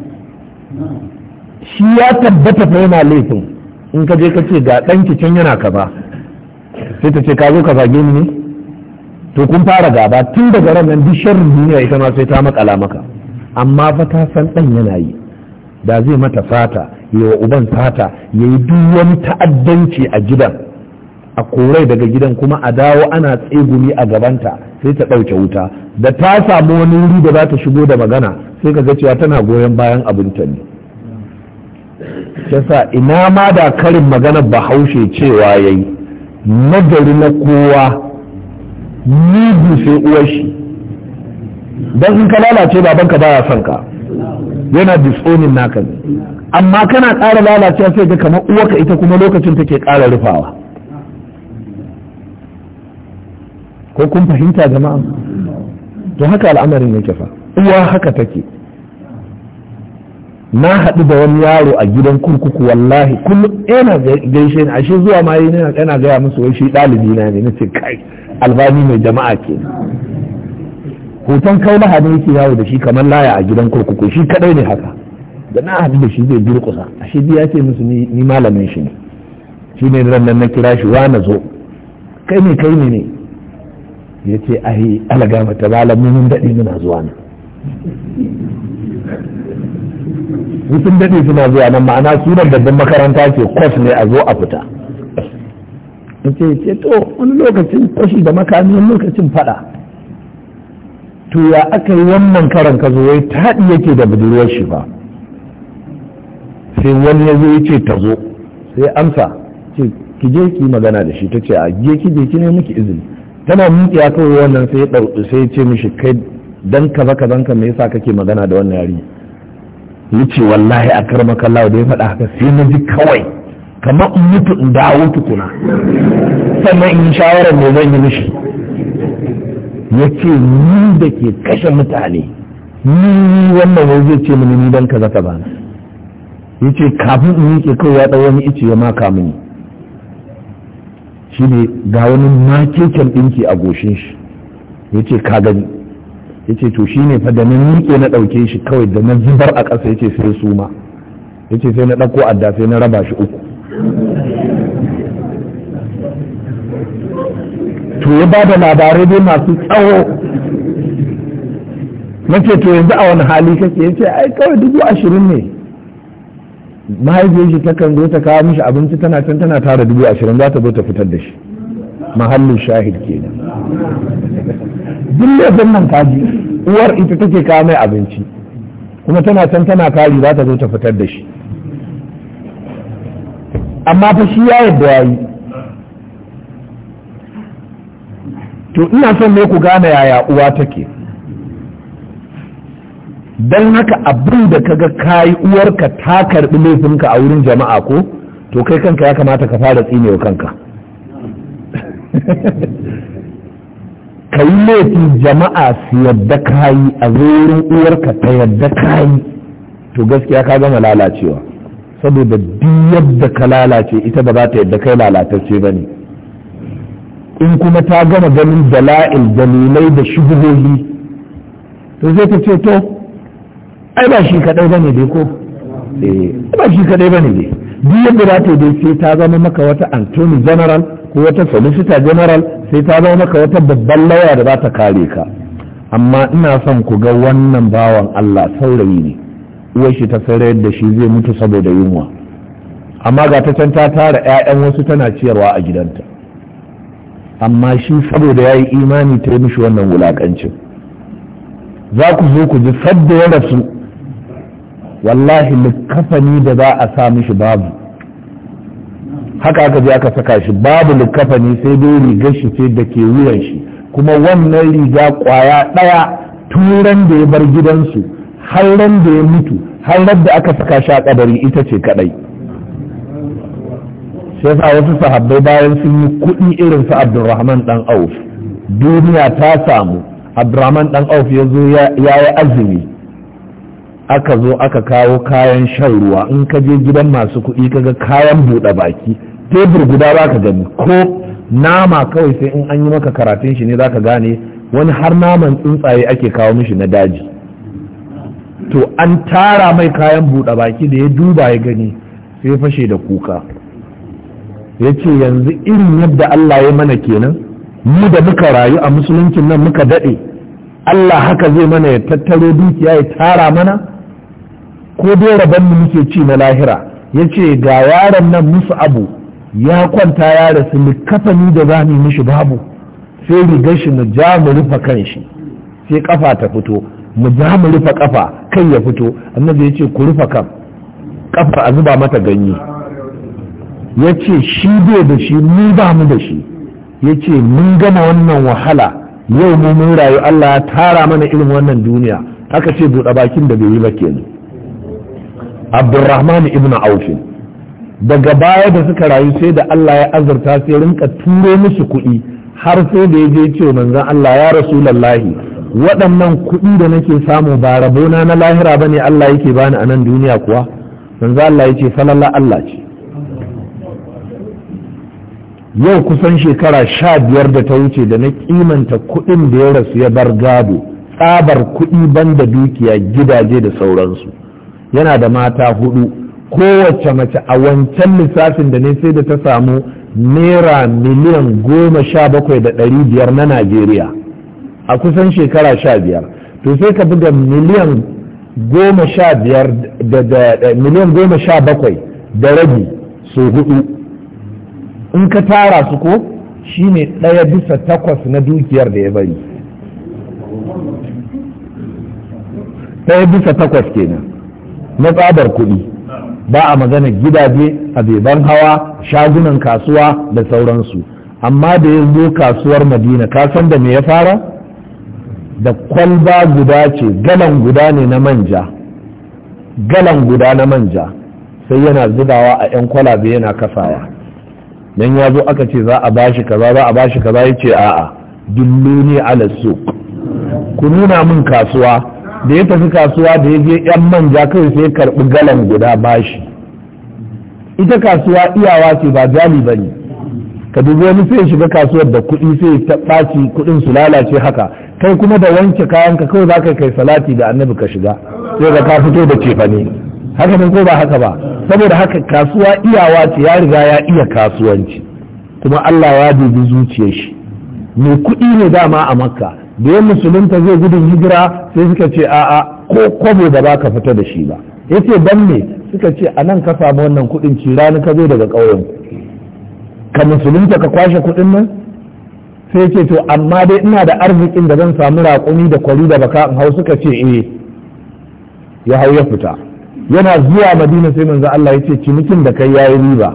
shi ya tabbata fa yana laifin in ka je ka ce ga ɗanki can yana kaza sai ta ce ka zo ka zage ni ne to kun fara gaba tun daga ran nan duniya ita ma sai ta makala maka amma fa ta san ɗan yana yi da zai mata fata ya wa uban fata ya yi duk wani ta'addanci a gidan a korai daga gidan kuma a dawo ana tsegumi a gabanta sai ta ɗauke wuta da ta samu wani wuri da za ta shigo da magana sai ka ga cewa tana goyon bayan abin ta ne yasa ina ma da karin maganar bahaushe cewa ya yi nagari na kowa bi sai uwar shi don in ka lalace babanka baya son ka yana disowning naka ne amma kana ƙara lalacewa sai ga kamar uwarka ita kuma lokacin take ƙara rufawa ko kun fahimta jama'a to haka al'amarin yake fa uwa haka take na haɗu da wani yaro a gidan kurkuku wallahi kullum yana gaishe ni ashe zuwa ma yana gaya musu wai shi ɗalibi na ne nace kai albani mai jama'a ke hoton kai lahadi yake yawo da shi kamar laya a gidan kurkuku shi kaɗai ne haka da na haɗu da shi zai durƙusa ashe biya ce musu ni malamin shi ne shi ne ran nan na kira shi wa na zo kai ne kai ne ne ya ce ai alagama mata malamin mun daɗe muna zuwa na." sun daɗe suna zuwa nan ma'ana sunan babban makaranta ce kwas ne a zo a fita ce ce to wani lokacin kwashi da makami wani lokacin fada to ya aka yi wannan karan ka zo wai taɗi yake da budurwar shi ba sai wani ya zo ya ce ta zo sai amsa ce ki je ki magana da shi ta ce a je ki je ki ne miki izini tana ya kawai wannan sai ya sai ya ce mishi kai dan kaza kazan ka me yasa kake magana da wannan yari. ya ce wallahi a karma kallawa da ya faɗa haka sai na ji kawai kamar in mutu in dawo tukuna sannan in shawarar mai zan yi mishi ya ce ni da ke kashe mutane ni wannan wani zai ce mini ni dan kaza kaza ya ce kafin in yi ke kawai ya ɗau wani ice ya maka mini shi ne ga wani makekin ɗinki a goshin shi ya ce ka gani yace to shine fa da na miƙe na dauke shi kawai da nan zubar a ƙasa yace sai suma yace sai na dauko adda sai na raba shi uku to ya bada labarai dai masu tsawo nace to yanzu a wani hali kake yace ai kawai dubu ashirin ne mahaifiyar shi kan zo ta kawo mishi abinci tana can tana tara dubu ashirin za ta zo ta fitar da shi mahallin shahid kenan duk laifin nan kaji uwar ita take kawo mai abinci kuma tana can tana kari za ta zo ta fitar da shi amma fa shi ya yadda ya yi to ina son ne ku gane yaya uwa take don haka abin da kaga kayi ka ta karbi laifinka a wurin jama'a ko to kai kanka ya kamata ka fara tsinewa kanka ka yi laifin jama'a su yadda ka yi a wurin uwarka ta yadda ka yi to gaskiya ka gama lalacewa saboda duk yadda ka lalace ita ba za ta yadda kai lalatacce ba ne in kuma ta gama ganin dala'il dalilai da shubuhohi to zai ta ce to ai ba shi kadai ba ne dai ko eh, ba shi kadai ba ne dai duk yadda za ta yi dai sai ta zama maka wata antony general ko wata solicitor general sai ta zama maka wata babban lauya da za ta kare ka amma ina son ku ga wannan bawan Allah saurayi ne uwar shi ta sayar da shi zai mutu saboda yunwa amma ga ta can ta tara 'ya'yan wasu tana ciyarwa a gidanta amma shi saboda yayi imani ta yi mishi wannan wulakancin za ku zo ku ji sadda ya rasu wallahi likafani da za a sa mishi babu haka aka je aka saka shi babu ne sai dai rigar shi ce da ke wuyan shi kuma wannan riga kwaya ɗaya turan da ya bar gidansu har ran da ya mutu har da aka saka shi a kabari ita ce kadai sai sa wasu sahabbai bayan sun yi kuɗi irin su abdurrahman dan Auf duniya ta samu Abdulrahman dan Auf ya zo ya yi azumi aka zo aka kawo kayan shan ruwa in ka je gidan masu kuɗi kaga kayan buɗe baki tebur guda za ka gani ko nama kawai sai in an yi maka karatun shi ne za ka gane wani har naman tsuntsaye ake kawo mishi na daji to an tara mai kayan buɗe baki da ya duba ya gani sai fashe da kuka ya ce yanzu irin yadda Allah ya mana kenan mu da muka rayu a musuluncin nan muka daɗe Allah haka zai mana ya tattaro dukiya ya tara mana ko dai rabon mu muke ci na lahira ya ce ga yaron nan musu abu ya kwanta ya rasu kafani da za mu mishi babu sai rigar shi mu ja mu rufe kan shi sai kafa ta fito mu ja mu rufe kafa kai ya fito annabi ya ce ku rufe kan kafa a zuba mata ganye ya ce shi bai da shi mu ba mu da shi ya ce mun gama wannan wahala yau mu mun rayu Allah ya tara mana irin wannan duniya aka ce buɗe bakin da bai yi ba kenan abdurrahman ibn auf daga baya da suka rayu sai da Allah ya azurta sai rinka turo musu kuɗi har sai da yaje ce manzon Allah ya rasulullahi waɗannan kuɗi da nake samu ba rabona na lahira bane Allah yake bani a nan duniya kuwa manzon Allah yace sallallahu Allah ce yau kusan shekara sha biyar da ta wuce da na kimanta kuɗin da ya rasu ya bar gado tsabar kuɗi banda dukiya gidaje da sauransu yana da mata hudu kowace mace a wancan lissafin da ne sai da ta samu naira miliyan goma sha bakwai da ɗari biyar na najeriya a kusan shekara sha biyar to sai ka buga miliyan goma sha biyar da miliyan goma sha bakwai da rabi su hudu in ka tara su ko shine ɗaya bisa takwas na dukiyar da ya bari ɗaya bisa takwas kenan na tsadar kuɗi ba a magana gidaje abeban hawa shagunan kasuwa da sauransu amma da ya zo kasuwar madina ka san da me ya fara da kwalba guda ce galan guda ne na manja galan guda na manja sai yana zubawa a 'yan kwalabe yana kasawa dan ya zo aka ce za a bashi kaza za a bashi kaza ya ce a'a dulluni ala suk ku nuna min kasuwa da ya tafi kasuwa da ya je yan manja kai sai karbi karɓi galan guda bashi ita kasuwa iyawa ce ba jali ba ne ka dubi wani sai shiga kasuwar da kuɗi sai ta ɓaci kuɗin su lalace haka kai kuma da wanke kayanka kawai za ka kai salati da annabi ka shiga sai ka ka fito da cefane haka ne ko ba haka ba saboda haka kasuwa iyawa ce ya riga ya iya kasuwanci kuma Allah ya dubi zuciyar shi mai kuɗi ne dama a makka da ya musulunta zai gudun hijira sai suka ce a'a ko kwabo da ba ka fita da shi ba Ya ce ban me suka ce a nan ka samu wannan kuɗin ci rani ka zo daga ƙauyen ka musulunta ka kwashe kuɗin nan sai ce to amma dai ina da arzikin da zan samu raƙumi da kwari da baka in hau suka ce eh ya hau ya fita yana zuwa madina sai manzo Allah ya ce cinikin da kai yayi riba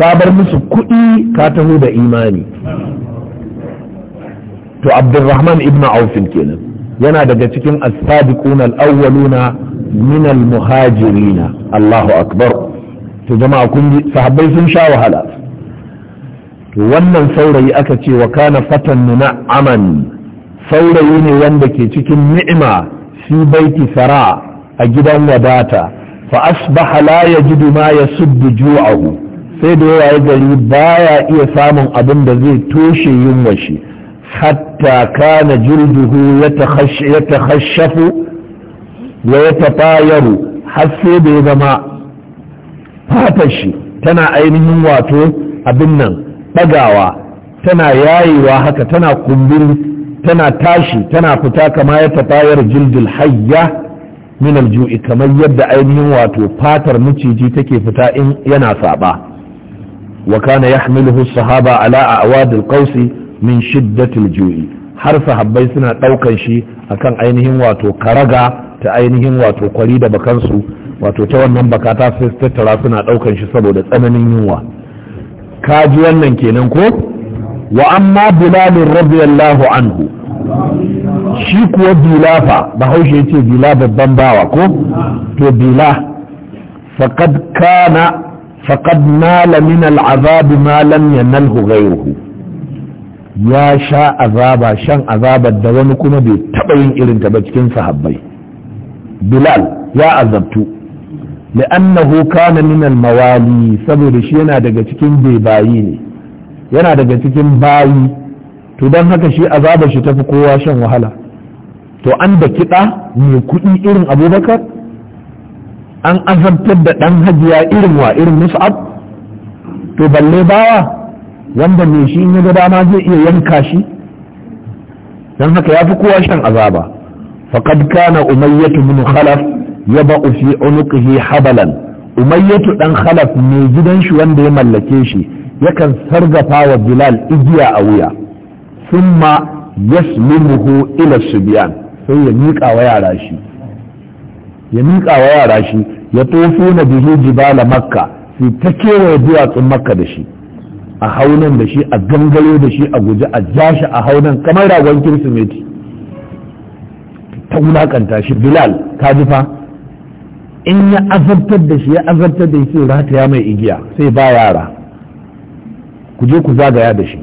ka bar musu kuɗi ka taho da imani to abdurrahman ibn aufin kenan yana daga cikin as-sabiquna na awwaluna min al-muhajirina Allahu akbar to jama'a kun sahabbai sun sha wahala to wannan saurayi aka ce wa kana fatan nuna aman saurayi ne wanda ke cikin ni'ima fi baiti sara a gidan wadata fa asbaha la yajidu ma yasuddu ju'ahu sai da yawa gari baya iya samun abin da zai toshe yunwa shi hatta kana jilduhu ya takhashafu wa ya tafayaru har sai da ya zama fatar shi tana ainihin wato abin nan ɗagawa tana yayewa haka tana kumburi tana tashi tana fita kama ya tafayar jildul hayya min alju'i kamar yadda ainihin wato fatar miciji take fita in yana saba wa kana yahmiluhu sahaba ala awadil qausi min shiddatil ju'i har sahabbai suna ɗaukan shi akan ainihin wato karaga ta ainihin wato kwari da bakansu wato ta wannan bakata sai su tattara suna ɗaukan shi saboda tsananin yunwa ka ji wannan kenan ko wa amma bilalin radiyallahu anhu shi kuwa Bilafa, bahaushe ce bila babban bawa ko to bila faƙad kana faƙad nala min al'azabi ma lam yanalhu ghayruhu ya sha azaba shan azabar da wani kuma bai taɓa yin irin ta ba cikin sahabbai bilal ya azabtu li'annahu kana min mawali saboda shi yana daga cikin bebayi ne yana daga cikin bayi to don haka shi azabar shi tafi kowa shan wahala to an da kiɗa mai kuɗi irin abubakar an azabtar da ɗan hajiya irin wa irin mus'ab to balle bawa wanda mai shi in ga dama zai iya yanka shi don haka ya fi kowa shan azaba faqad kana umayyatu bin khalaf yaba'u fi unuqihi habalan umayyatu dan khalaf ne gidan shi wanda ya mallake shi yakan sargafa wa bilal igiya a wuya thumma yaslimuhu ila subyan sai ya miƙa wa yara shi ya miƙa wa yara shi ya tofu na bihi jibala makka su ta kewaye duwatsun makka da shi a haunan da shi a gangaro da shi a guji a jashi a haunan kamar ragon kirsimeti ta wulakanta shi bilal ka ji fa in ya azabtar da shi ya azabtar da shi rata ya mai igiya sai ba yara ku je ku zagaya da shi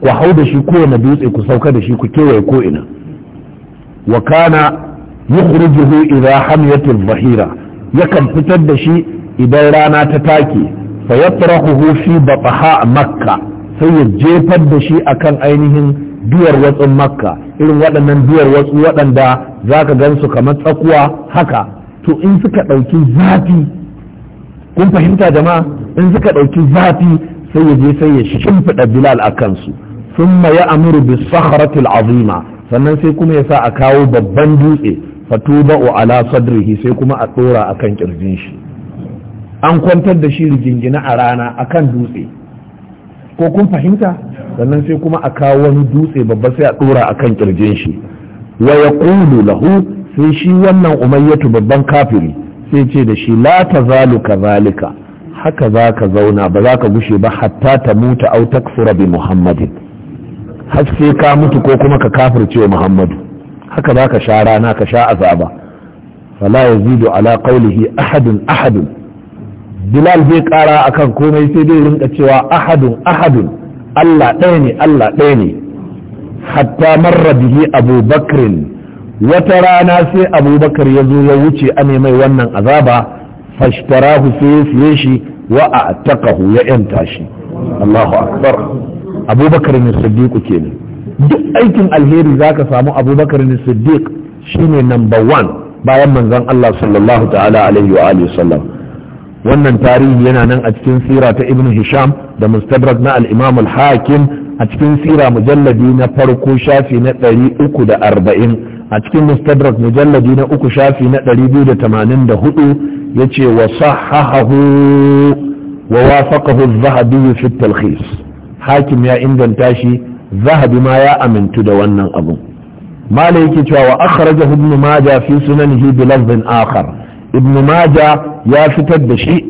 ku hau da shi kowane dutse ku sauka da shi ku kewaye ko ina wa kana yukhrijuhu idha hamiyatil zahira yakan fitar da shi idan rana ta take fa yatrahuhu fi batha makka sai ya jefar da shi akan ainihin duwar watsin makka irin waɗannan duwar watsu waɗanda za ka gan su kamar tsakuwa haka to in suka ɗauki zafi kun fahimta jama'a in suka ɗauki zafi sai ya je sai ya shimfiɗa bilal a kansu sun ya amuru bi saharatul azima sannan sai kuma ya sa a kawo babban dutse fatuba ala sadrihi sai kuma a ɗora akan kirjin shi an kwantar da shi rigingina a rana a kan dutse ko kun fahimta sannan sai kuma a kawo wani dutse babba sai a dora kan kirjin shi wa ya yaqulu lahu sai shi wannan umayyatu babban kafiri sai ce da shi la tazalu zalika haka za ka zauna ba za ka gushe ba hatta ta mutu au takfura bi muhammadin har ka mutu ko kuma ka kafirce wa muhammadu haka za ka sha rana ka sha azaba fala yazidu ala qawlihi ahadun ahadun bilal zai kara akan komai sai dai rinka cewa ahadun ahadun allah ɗaya ne allah ɗaya ne hatta marra bihi abubakrin wata rana sai abubakar ya zo ya wuce ane mai wannan azaba fashtarahu sai ya siye shi wa a takahu ya yanta shi allahu akbar abubakar ne siddiqu kenan duk aikin alheri zaka samu abubakar ne siddiq shine number one bayan manzon allah sallallahu ta'ala alaihi wa alihi sallam wannan tarihi yana nan a cikin sira ta ibn hisham da mustadrak na al-imam al-hakim a cikin sira mujalladi na farko shafi na 340 a cikin mustadrak mujalladi na uku shafi na 284 yace wa sahahahu wa wafaqahu az-zahabi fi at-talkhis hakim ya inganta shi zahabi ma ya amintu da wannan abu malai yake cewa wa akhrajahu ibn majah fi sunanihi bi lafdin akhar ibn maja ya fitar da shi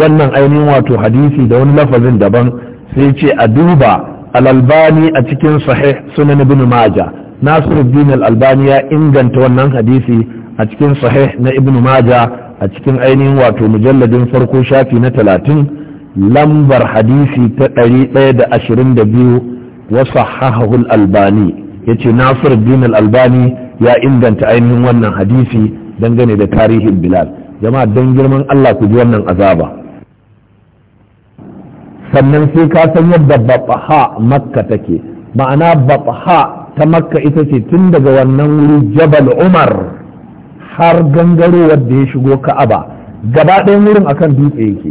wannan ainihin wato hadisi da wani lafazin daban sai ce a duba alalbani a cikin sahih sunan ibn maja nasiruddin al-albani ya inganta wannan hadisi a cikin sahih na ibn maja a cikin ainihin wato mujalladin farko shafi na talatin lambar hadisi ta ɗari ɗaya da ashirin da biyu wasu sahahahu albani albani ce nasiruddin al-albani ya inganta ainihin wannan hadisi dangane da tarihin bilal jama'a don girman allah ku ji wannan azaba sannan sai ka san yadda babaha makka take ma'ana babaha ta makka ita ce tun daga wannan wuri jabal umar har gangarowar da ya shigo ka'aba gaba ɗayan wurin akan dutse yake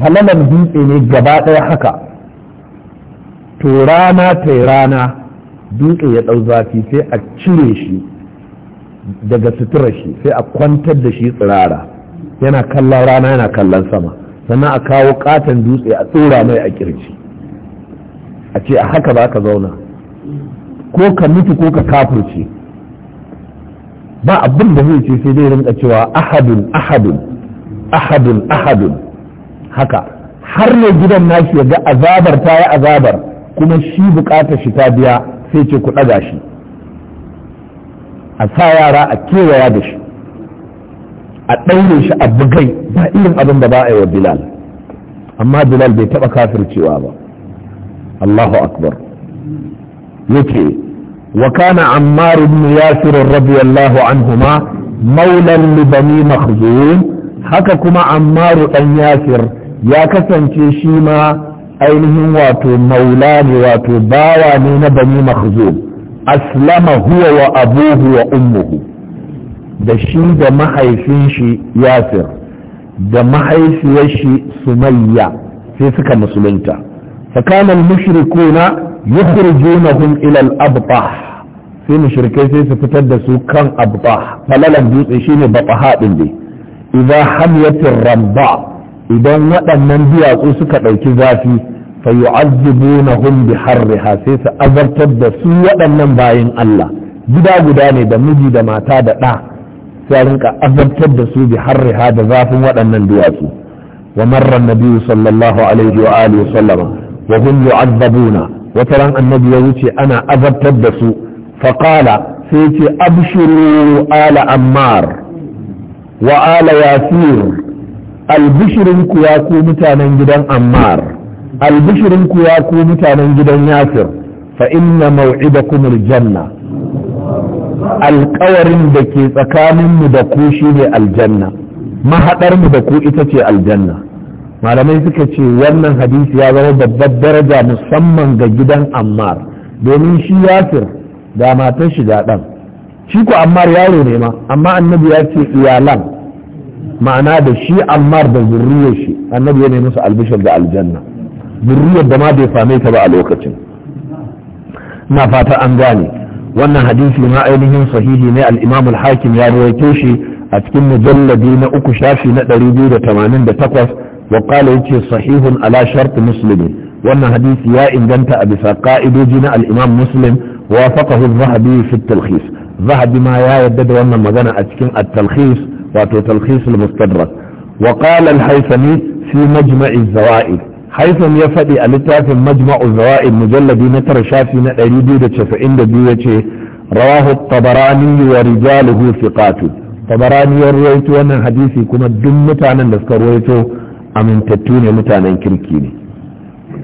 halalar dutse ne gaba ɗaya haka to rana ta rana dutse ya ɗau zafi sai a cire shi daga suturar shi sai a kwantar da shi tsirara yana kallon rana yana kallon sama sannan a kawo katon dutse a tsora mai a kirji a ce a haka ba ka zauna ko ka mutu ko ka kafurce ba abin da zai ce sai dai rinka cewa ahadun ahadun ahadun ahadun haka har ne gidan nashi ya ga azabar ta yi azabar kuma shi bukatar shi ta biya sai ce ku ɗaga shi a sa yara a kewaya da shi a ɗaure shi a bugai ba irin abin da ba a yi wa bilal amma bilal bai taɓa kafircewa ba allahu akbar yake wa kana ammar ibn yasir radiyallahu anhuma maulan li bani makhzum haka kuma ammaru dan yasir ya kasance shi ma ainihin wato maula ne wato bawa ne na bani makhzum aslama huwa wa abuhu wa ummuhu da shi da mahaifin shi yasir da mahaifiyar shi sumayya sai suka musulunta fakanan mushrikuna yukhrijunahum ila al-abtah sai mushrikai sai su fitar da su kan abtah falalan dutse shine bataha din ne idza hamiyatir ramba idan waɗannan duwatsu suka ɗauki zafi fa yu'azzibunahum bi harriha sai su azabtar da su waɗannan bayan Allah gida guda ne da miji da mata da ɗa sai rinka azabtar da su bi harriha da zafin waɗannan duwatsu wa marra nabiyyu sallallahu alaihi wa alihi sallama yu'azzabuna wata ran annabi ya wuce ana azabtar da su fa qala sai ce abshiru ala ammar wa ala yasir albishirinku ya ku mutanen gidan ammar albishirin ku ya ku mutanen gidan yasir fa inna maw'idakum aljanna alƙawarin da ke tsakaninmu da ku shine aljanna mahaɗarmu da ku ita ce aljanna malamai suka ce wannan hadisi ya zama babbar daraja musamman ga gidan ammar domin shi yafir da matar shi da ɗan shi ko ammar yaro ne ma amma annabi ya ce iyalan ma'ana da shi ammar da zurriyar shi annabi ya ne musu albishir da aljanna zurriyar da ma bai same ta ba a lokacin na fata an gane wannan hadisi ma ainihin sahihi ne al-imam al-hakim ya rawaito shi a cikin mujalladi na uku shafi na 288 wa qala yace sahihun ala shart muslim wannan hadisi ya inganta a bisa ka'idoji na al-imam muslim wa faqahu az-zahabi fi at-talkhis zahabi ma ya yadda da wannan magana a cikin at-talkhis wato talkhis al-mustadrak wa qala al-haythami fi zawaid haifan ya faɗi a littafin majma'u zawa'id mujalladi na tara shafi na 292 yace rawahu tabarani wa rijaluhu thiqatu tabarani ya ruwaito wannan hadisi kuma duk mutanen da suka ruwaito amintattu ne mutanen kirki ne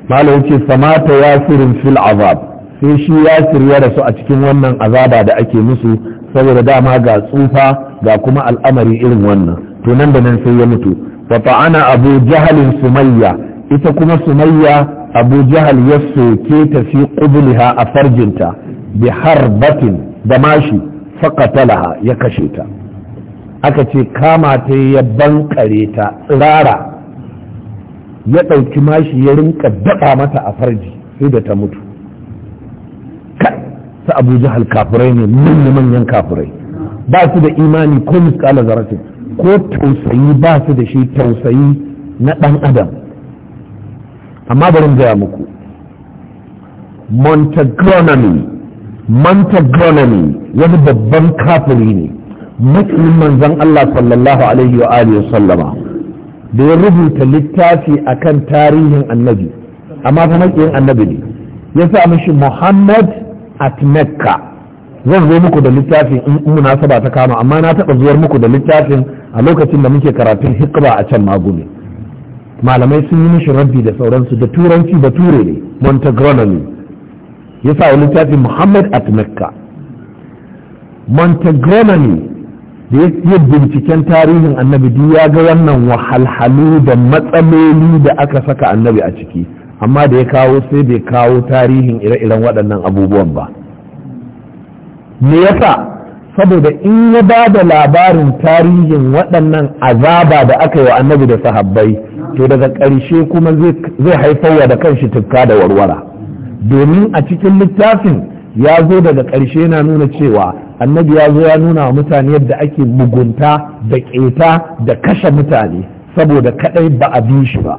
malam ce samata yasirin fil azab sai shi yasir ya rasu a cikin wannan azaba da ake musu saboda dama ga tsufa ga kuma al'amari irin wannan to nan da nan sai ya mutu wa ta'ana abu jahalin sumayya ita kuma sumayya abu jahal ya soke ta fi ƙubuliha a farjinta bi harbatin da mashi faƙatalaha ya kashe ta aka ce kama ta ya bankare ta tsirara ya ɗauki mashi ya rinka daɗa mata a farji sai da ta mutu ta abu jahal kafirai ne manyan manyan kafirai ba su da imani ko miskala zaratin ko tausayi ba su da shi tausayi na ɗan adam amma bari gaya muku montagronomy montagronomy wani babban kafiri ne makiyin manzon Allah sallallahu alaihi wa alihi sallama da ya rubuta littafi akan tarihin annabi amma fa makiyin annabi ne ya sa mishi Muhammad at Mecca zan zo muku da littafin in munasaba ta kama amma na taɓa zuwar muku da littafin a lokacin da muke karatun hikba a can magumi malamai sun yi mishi rabbi da sauransu da turanci da ture ne montagronomy ya sa wani tafi muhammad at mecca montagronomy da ya yi binciken tarihin annabi duk ya ga wannan wahalhalu da matsaloli da aka saka annabi a ciki amma da ya kawo sai bai kawo tarihin ire-iren waɗannan abubuwan ba me yasa saboda in ya ba da labarin tarihin waɗannan azaba da aka yi wa annabi da sahabbai to daga ƙarshe kuma zai haifarwa da kanshi tukka da warwara domin a cikin littafin ya zo daga ƙarshe na nuna cewa annabi ya zo ya nuna wa mutane yadda ake mugunta da ƙeta da kashe mutane saboda kaɗai ba a bi shi ba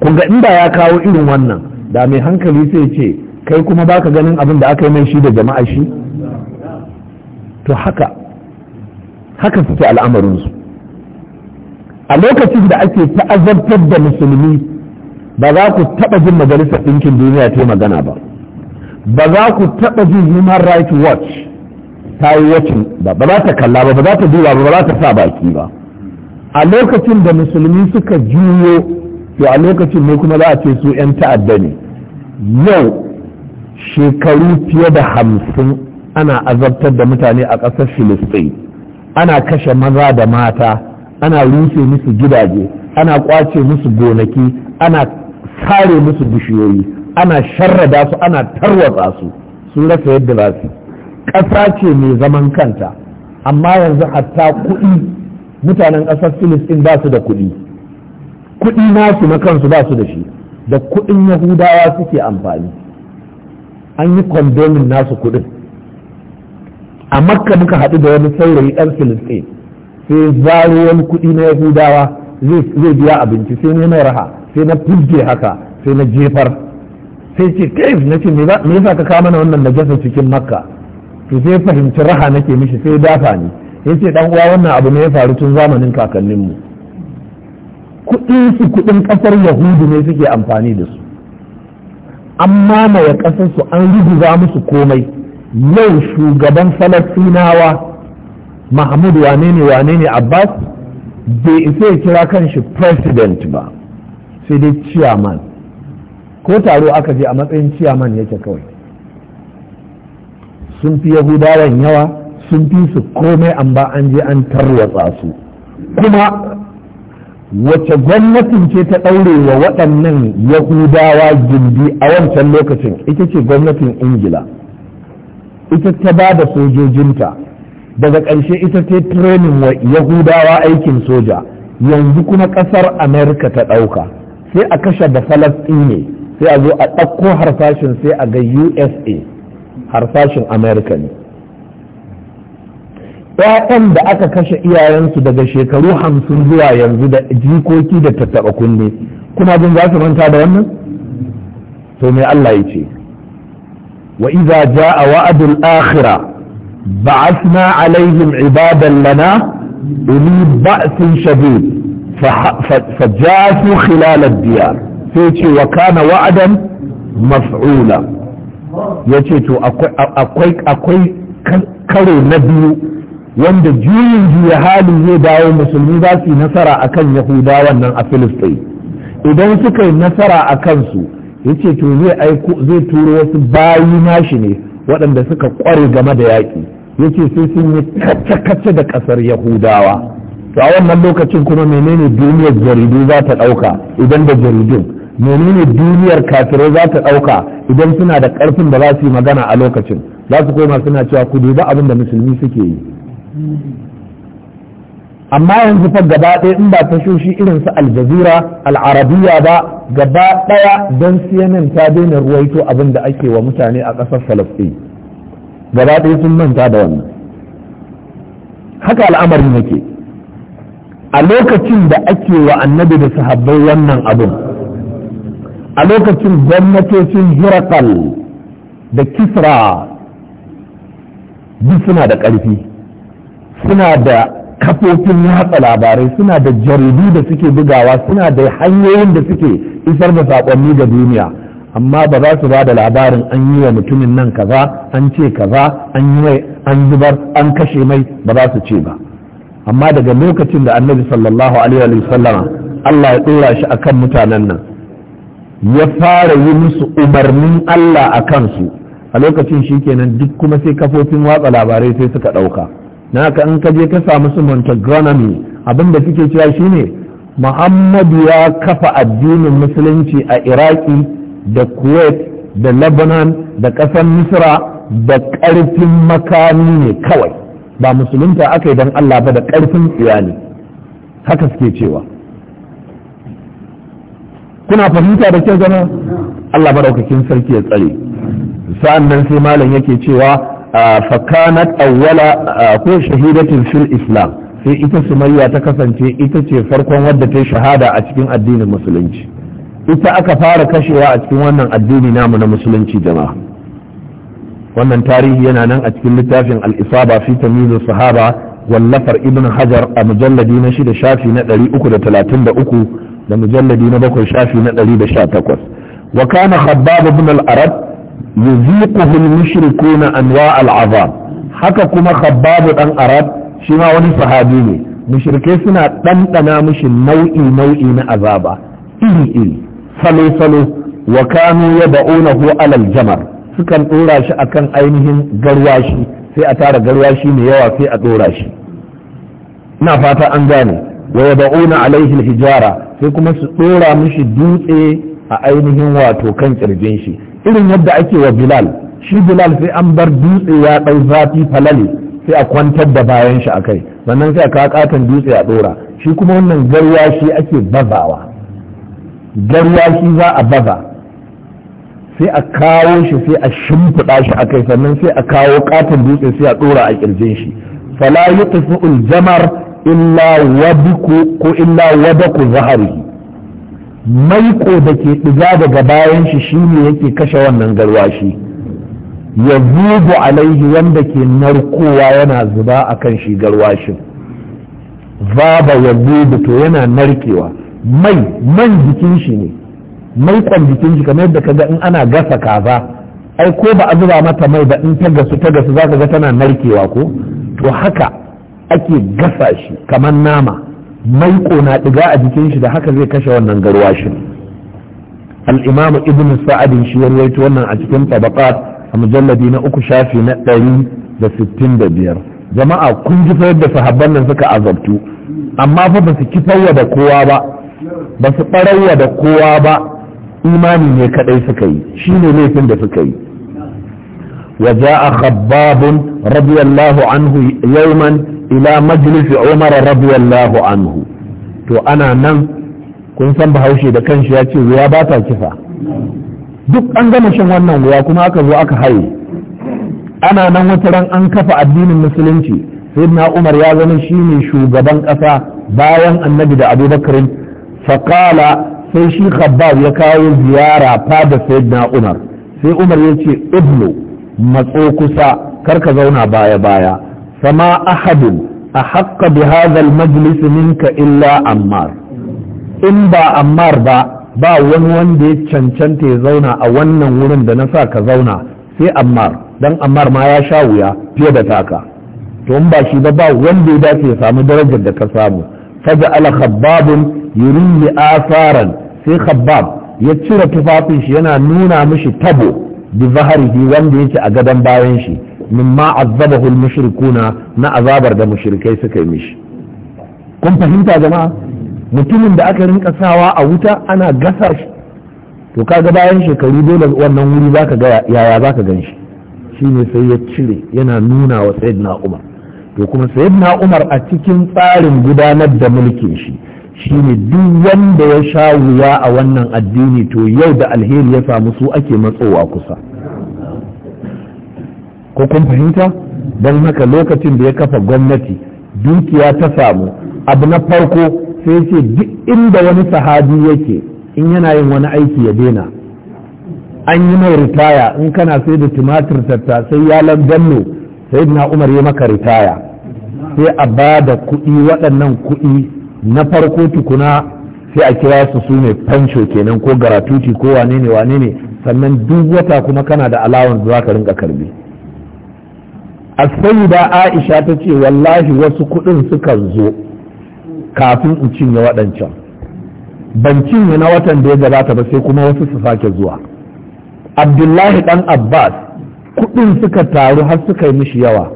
kun ga inda ya kawo irin wannan da mai hankali sai ce kai kuma baka ganin abin da aka yi mai shi da jama'a shi to haka haka suke al'amarinsu a lokacin da ake ta'azantar da musulmi ba za ku taɓa jin majalisar ɗinkin duniya ta magana ba ba za ku taɓa jin human rights watch ta yi wacin ba ba za ta kalla ba ba za ta duba ba ba za ta sa baki ba a lokacin da musulmi suka juyo to a lokacin ne kuma za a ce su 'yan ta'adda ne yau shekaru fiye da hamsin ana azabtar da mutane a ƙasar filistin ana kashe maza da mata ana rushe musu gidaje ana ƙwace musu gonaki ana sare musu bishiyoyi ana sharrada su ana tarwatsa su sun rasa yadda za su ƙasa ce mai zaman kanta amma yanzu hatta kuɗi mutanen ƙasar filistin ba su da kuɗi kuɗi nasu na kansu ba su da shi da kuɗin yahudawa suke amfani an yi kwandomin nasu kuɗin a makka muka haɗu da wani saurayi ɗan filistin sai zaro wani kuɗi na yahudawa zai biya abinci sai na mai raha sai na fulge haka sai na jefar sai ce kai na ce me yasa ka kama na wannan najasa cikin makka to sai fahimci raha nake mishi sai dafa ni ya ce dan uwa wannan abu ne ya faru tun zamanin kakanninmu kuɗin su kuɗin ƙasar yahudu ne suke amfani da su an mamaye ƙasar su an ruguza musu komai yau shugaban falastinawa mahmud wane ne wane ne abbas bai isa ya kira shi president ba sai dai chairman ko taro aka je a matsayin chairman yake kawai sun fi yahudawan yawa sun fi su komai an ba an je an tarwatsa su kuma wace gwamnatin ce ta ɗaure wa waɗannan yahudawa gindi a wancan lokacin ita ce gwamnatin ingila ita ta ba da sojojinta daga ƙarshe ita ta training wa yahudawa aikin soja yanzu kuma ƙasar amerika ta ɗauka sai a kashe da falastine sai a zo a ɗauko harsashin sai a ga usa harsashin amerika ne ‘ya'yan da aka kashe iyayensu daga shekaru hamsin zuwa yanzu da jikoki da tattaɓa kunne kuma jin za su manta da wannan to me allah ya ce وإذا جاء وعد الآخرة بعثنا عليهم عبادا لنا أولي بأس شديد فجاءتوا خلال الديار فيتي وكان وعدا مفعولا يتيتو أقوي أقوي كرو نبي وند juyin جي هالي zai dawo musulmi za su yi nasara akan yahudawan nan a filistin yace to zai aiko turo wasu bayi nashi ne waɗanda suka ƙware game da yaƙi yace sai sun yi kacce-kacce da ƙasar yahudawa to a wannan lokacin kuma menene duniyar jaridu za ta ɗauka idan da jaridun menene duniyar kafirai za ta ɗauka idan suna da ƙarfin da za su yi magana a lokacin za su koma suna cewa ku duba abin da musulmi suke yi amma yanzu fa gaba ɗaya in ba tashoshi irin su aljazira al'arabiya ba gaba ɗaya don cnn ta daina ruwaito abin da ake wa mutane a ƙasar falasɗin gaba ɗaya sun manta da wannan haka al'amarin yake a lokacin da ake wa annabi da sahabbai wannan abin a lokacin gwamnatocin hirakal da kisra duk suna da ƙarfi suna da kafofin watsa labarai suna da jaridu da suke bugawa suna da hanyoyin da suke isar da saƙonni ga duniya amma ba za su ba da labarin an yi wa mutumin nan kaza an ce kaza an yi mai an zubar an kashe mai ba za su ce ba amma daga lokacin da annabi sallallahu alaihi wa sallama Allah ya ɗora shi akan mutanen nan ya fara yi musu umarnin Allah a kansu a lokacin shi kenan duk kuma sai kafofin watsa labarai sai suka ɗauka na ka in ka je ka samu su montagonomy abinda da suke cewa shine muhammadu ya kafa addinin musulunci a iraki da kuwait da lebanon da ƙasar misra da ƙarfin makami ne kawai ba musulunta aka yi don allah ba da ƙarfin iyali haka suke cewa kuna fahimta da kyau zama allah maɗaukakin sarki ya tsare sa'an nan sai malam yake cewa fakanat awwala ko shahidatin fil islam sai ita sumayya ta kasance ita ce farkon wadda ta shahada a cikin addinin musulunci ita aka fara kashewa a cikin wannan addini namu na musulunci jama'a wannan tarihi yana nan a cikin littafin al'isaba isaba fi tamyiz sahaba wallafar ibn hajar a mujalladi na shida shafi na 333 da mujalladi na bakwai shafi na 118 wa kana khabbab ibn al-arab yuziquhul mushrikuna anwa al'azab haka kuma khabbab dan arab shi ma wani sahabi ne mushirke suna ɗanɗana mushi nau'i nau'i na azaba iri iri salo salo wa kanu yad'unahu alal jamar sukan dora shi akan ainihin garwashi sai a tara garwashi mai yawa sai a dora shi fata an gane wa yad'una alaihin hijara sai kuma su dora mushi dutse a ainihin wato kan kirjin shi irin yadda ake wa bilal shi bilal sai an bar dutse ya zafi falale sai a kwantar da bayan shi a kai sannan sai a kawo katon dutse a ɗora shi kuma wannan garya shi ake bazawa garya shi za a baza sai a kawo shi sai a shimfiɗa shi a kai sannan sai a kawo katon dutse sai a ɗora a ƙirjin shi fala yutfu jamar illa wadiku ko illa wadaku zahari maiko da ke ɗiga daga bayan shi shi ne yake kashe wannan garwashi ya zubu alaihi wanda ke narkowa yana zuba a kan shi garwashin zaba ya zubu to yana narkewa mai man jikin shi ne maikon jikin shi kamar yadda kaga in ana gasa kaza ai ko ba a zuba mata mai ba in ta gasu ta gasu za ka ga tana narkewa ko to haka ake gasa shi kamar nama maiko na diga a jikin shi da haka zai kashe wannan garwashin al-imam ibn sa'ad shi ya rawaito wannan a cikin tabaqat a mujalladi na uku shafi na ɗari da biyar jama'a kun ji yadda sahabban nan suka azabtu amma fa ba su kifarwa da kowa ba ba su ɓararwa da kowa ba imani ne kaɗai suka yi shine laifin da suka yi وجاء خباب رضي الله عنه يوما إلى مجلس عمر رضي الله عنه تو أنا bahaushe da بهوشي ده كان شياتي ويا باتا كفا duk an gama shan wannan wuya kuma aka zo aka haye ana nan wata ran an kafa addinin musulunci sai na umar ya zama shi ne shugaban ƙasa bayan annabi da abubakarin faƙala sai shi khabbab ya kawo ziyara fada sayyidina umar sai umar ya ce ibnu matso kusa kar ka zauna baya baya sama ahadun a haƙƙa bi hadhal majlis minka illa ammar in ba ammar ba ba wani wanda ya cancanta ya zauna a wannan wurin da na sa ka zauna sai ammar dan ammar ma ya sha wuya fiye da taka to in ba shi ba ba wanda ya dace ya samu darajar da ka samu faja'ala khabbabun yuriyi asaran sai khabbab ya cire tufafin shi yana nuna mishi tabo bi zaharihi wanda yake a gadon bayan shi ma azabahu al-mushrikuna na azabar da mushrikai suka yi mishi kun fahimta jama'a mutumin da aka rinka sawa a wuta ana gasa shi to kaga bayan shekaru dole wannan wuri zaka ga yaya zaka gan shi shine sai ya cire yana nuna wa sayyidina Umar to kuma sayyidina Umar a cikin tsarin gudanar da mulkin shi ne duk wanda ya sha wuya a wannan addini to yau da alheri ya samu su ake matsowa kusa ko kun fahimta don haka lokacin da ya kafa gwamnati dukiya ta samu abu na farko sai ce duk inda wani sahabi yake in yana yin wani aiki ya daina an yi mai ritaya in kana sai da tumatir sai ya lambanno sai na umar ya maka ritaya sai a ba da kuɗi waɗannan kuɗi na farko tukuna sai a kira su su ne fansho kenan ko garatuti ko wane ne wane ne sannan duk wata kuma kana da alawan za ka rinka karbi sai da aisha ta ce wallahi wasu kuɗin suka zo kafin in cinye waɗancan ban cinye na watan da ya gabata ba sai kuma wasu su sake zuwa abdullahi ɗan abbas kuɗin suka taru har suka yi mishi yawa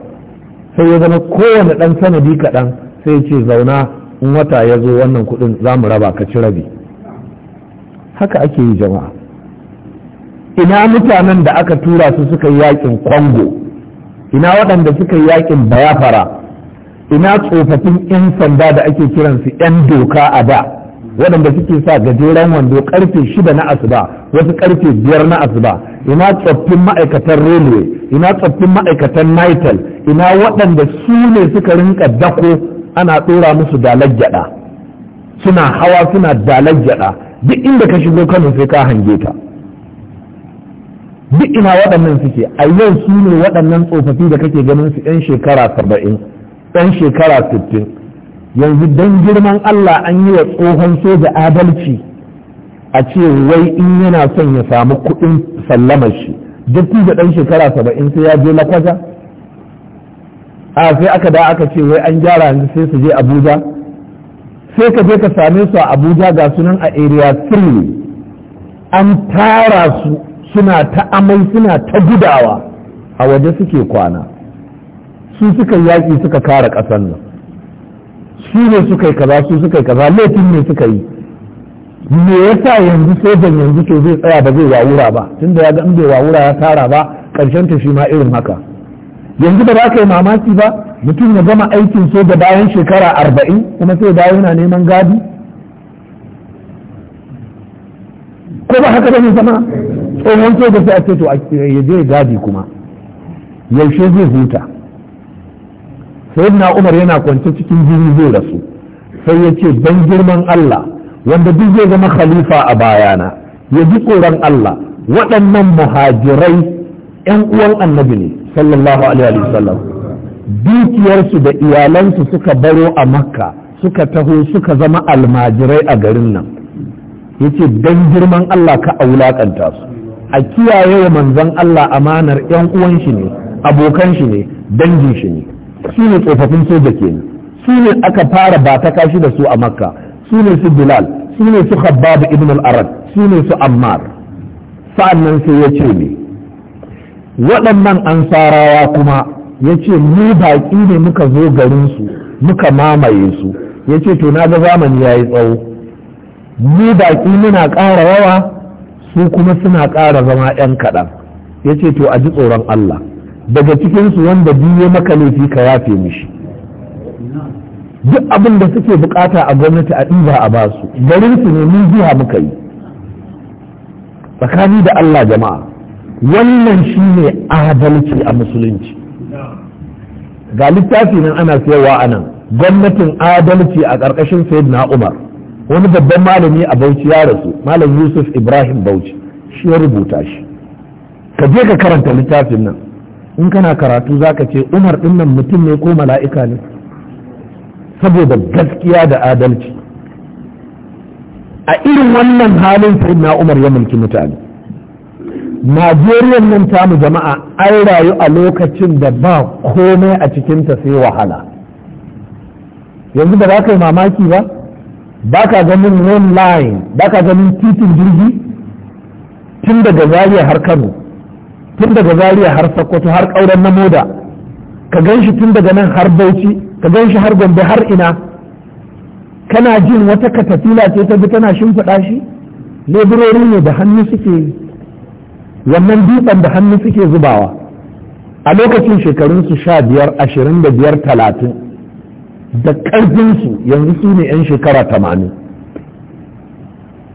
sai ya zama kowane ɗan sanadi kaɗan sai ya ce zauna in wata ya zo wannan kudin za mu raba ka ci rabi haka ake yi jama'a ina mutanen da aka tura su suka yi yakin kwango ina waɗanda suka yi yakin bayafara ina tsofaffin 'yan sanda da ake kiransu 'yan doka a da waɗanda suke sa gajeren wando karfe shida na asuba wasu karfe biyar na asuba ina tsoffin ma'aikatan railway ina tsoffin ma'aikatan nitel ina waɗanda su ne suka rinka dako ana ɗora musu dalajjada suna hawa suna dalajjada duk inda ka shigo kano sai ka hange ta duk ina waɗannan suke a yau su ne waɗannan tsofaffi da kake ganin su 'yan shekara saba'in 'yan shekara sittin yanzu don girman allah an yi wa tsohon soja adalci a ce wai in yana son ya samu kuɗin sallamar shi duk da ɗan shekara saba'in sai ya je lakwaja a sai aka da aka ce wai an gyara yanzu sai su je abuja sai ka je ka same su a abuja ga sunan a area 3 an tara su suna ta amai suna ta gudawa a waje suke kwana su suka yaƙi suka kare ƙasar nan su ne suka yi kaza su suka yi kaza laifin ne suka yi me yasa yanzu sojan yanzu to zai tsaya ba zai wawura ba tunda ya ga in bai wawura ya tara ba ƙarshen ta shi ma irin haka yanzu ba za ka yi mamaki ba mutum ya gama aikin soja bayan shekara arba'in kuma sai dawo yana neman gadi ko ba haka bane zama tsohon soja sai a ce to ya je gadi kuma yaushe zai huta sai na umar yana kwance cikin jini zai rasu sai ya ce don girman allah wanda duk zai zama khalifa a bayana ya ji tsoron allah waɗannan muhajirai yan uwan annabi ne sallallahu alaihi wasallam dukiyarsu da iyalansu suka baro a makka suka taho suka zama almajirai a garin nan yace dan girman Allah ka aulakanta su a kiyaye wa manzon Allah amanar yan uwan shi ne abokan shi ne dangin shi ne su tsofaffin soja kenan su ne aka fara ba ta kashi da su a makka su su bilal su ne su khabbab ibn al-arad su su ammar sa'annan sai ya ce ne waɗannan ansarawa kuma ya ce mu baƙi ne muka zo garinsu muka mamaye su ya ce to na ga zamani ya yi tsawo mu baƙi muna ƙara yawa su kuma suna ƙara zama 'yan kaɗan ya ce to a ji tsoron Allah daga cikinsu wanda biye maka laifi ka yafe mishi duk abin da suke bukata a gwamnati a ɗiba a basu garinsu ne mun jiha muka yi tsakani da Allah jama'a wannan shi ne adalci a musulunci ga littafi nan ana sayarwa a nan gwamnatin adalci a ƙarƙashin sayid na umar wani babban malami a bauchi ya rasu malam yusuf ibrahim bauchi shi ya rubuta shi ka je ka karanta littafin nan in kana karatu za ka ce umar ɗin nan mutum ne ko mala'ika ne saboda gaskiya da adalci a irin wannan halin sayid na umar ya mulki mutane najeriyan nan ta mu jama'a an rayu a lokacin da ba komai a cikin ta sai wahala yanzu ba za ka yi mamaki ba ba ka ganin one line ba ka ganin titin jirgi tun daga zariya har kano tun daga zariya har sokoto har ƙauren na moda ka gan shi tun daga nan har bauchi ka gan shi har gombe har ina kana jin wata katafila ce ta bi tana shimfiɗa shi leburori ne da hannu suke yi wannan dutsen da hannu suke zubawa a lokacin shekarunsu sha biyar ashirin da biyar talatin da ƙarfinsu yanzu su ne 'yan shekara tamanin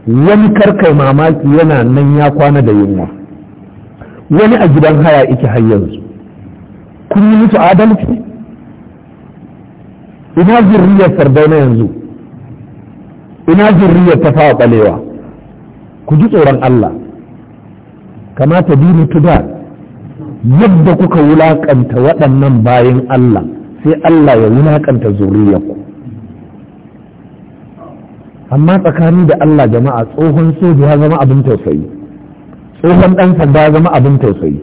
wani karkai mamaki yana nan ya kwana da yunwa wani a gidan haya iki har yanzu kun yi musu adalci ina zurriyar sardauna yanzu ina zurriyar ta fara ɓalewa ku ji tsoron allah kama ta dini tuda yadda kuka wulakanta waɗannan bayan Allah sai Allah ya wulakanta zuriyarku amma tsakani da Allah jama'a tsohon soja ya zama abin tausayi tsohon ɗan sanda ya zama abin tausayi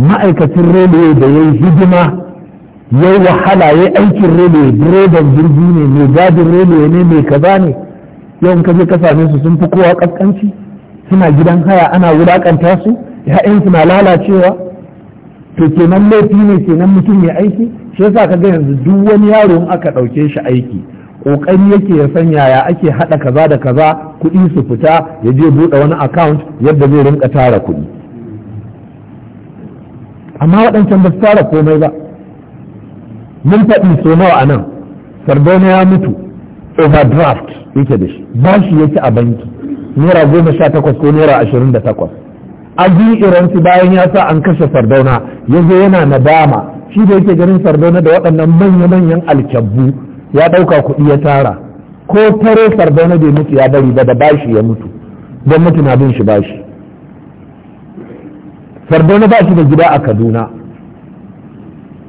ma'aikacin rediyo da ya yi hidima ya yi wahala ya aikin rediyo direban jirgi ne mai gadin rediyo ne mai kaza ne yawan kaje ka same su sun fi kowa ƙasƙanci suna gidan haya ana wulakanta su ya'yansu na lalacewa to kenan laifi ne kenan mutum ya aiki shi yasa ga yanzu duk wani yaro in aka ɗauke shi aiki kokari yake ya san yaya ake haɗa kaza da kaza kuɗi su fita ya je buɗe wani account yadda zai rinka tara kuɗi amma waɗancan ba su tara komai ba mun faɗi so nawa a sardauna ya mutu overdraft yake da shi bashi yake a banki naira goma sha takwas ko naira ashirin da takwas ji iransu bayan ya sa an kashe sardauna ya zo yana nadama shi da yake ganin sardauna da waɗannan manya-manyan alkyabbu ya ɗauka kuɗi ya tara ko tare sardauna bai mutu ya bari ba da bashi ya mutu don mutu na bin shi bashi sardauna ba shi da gida a kaduna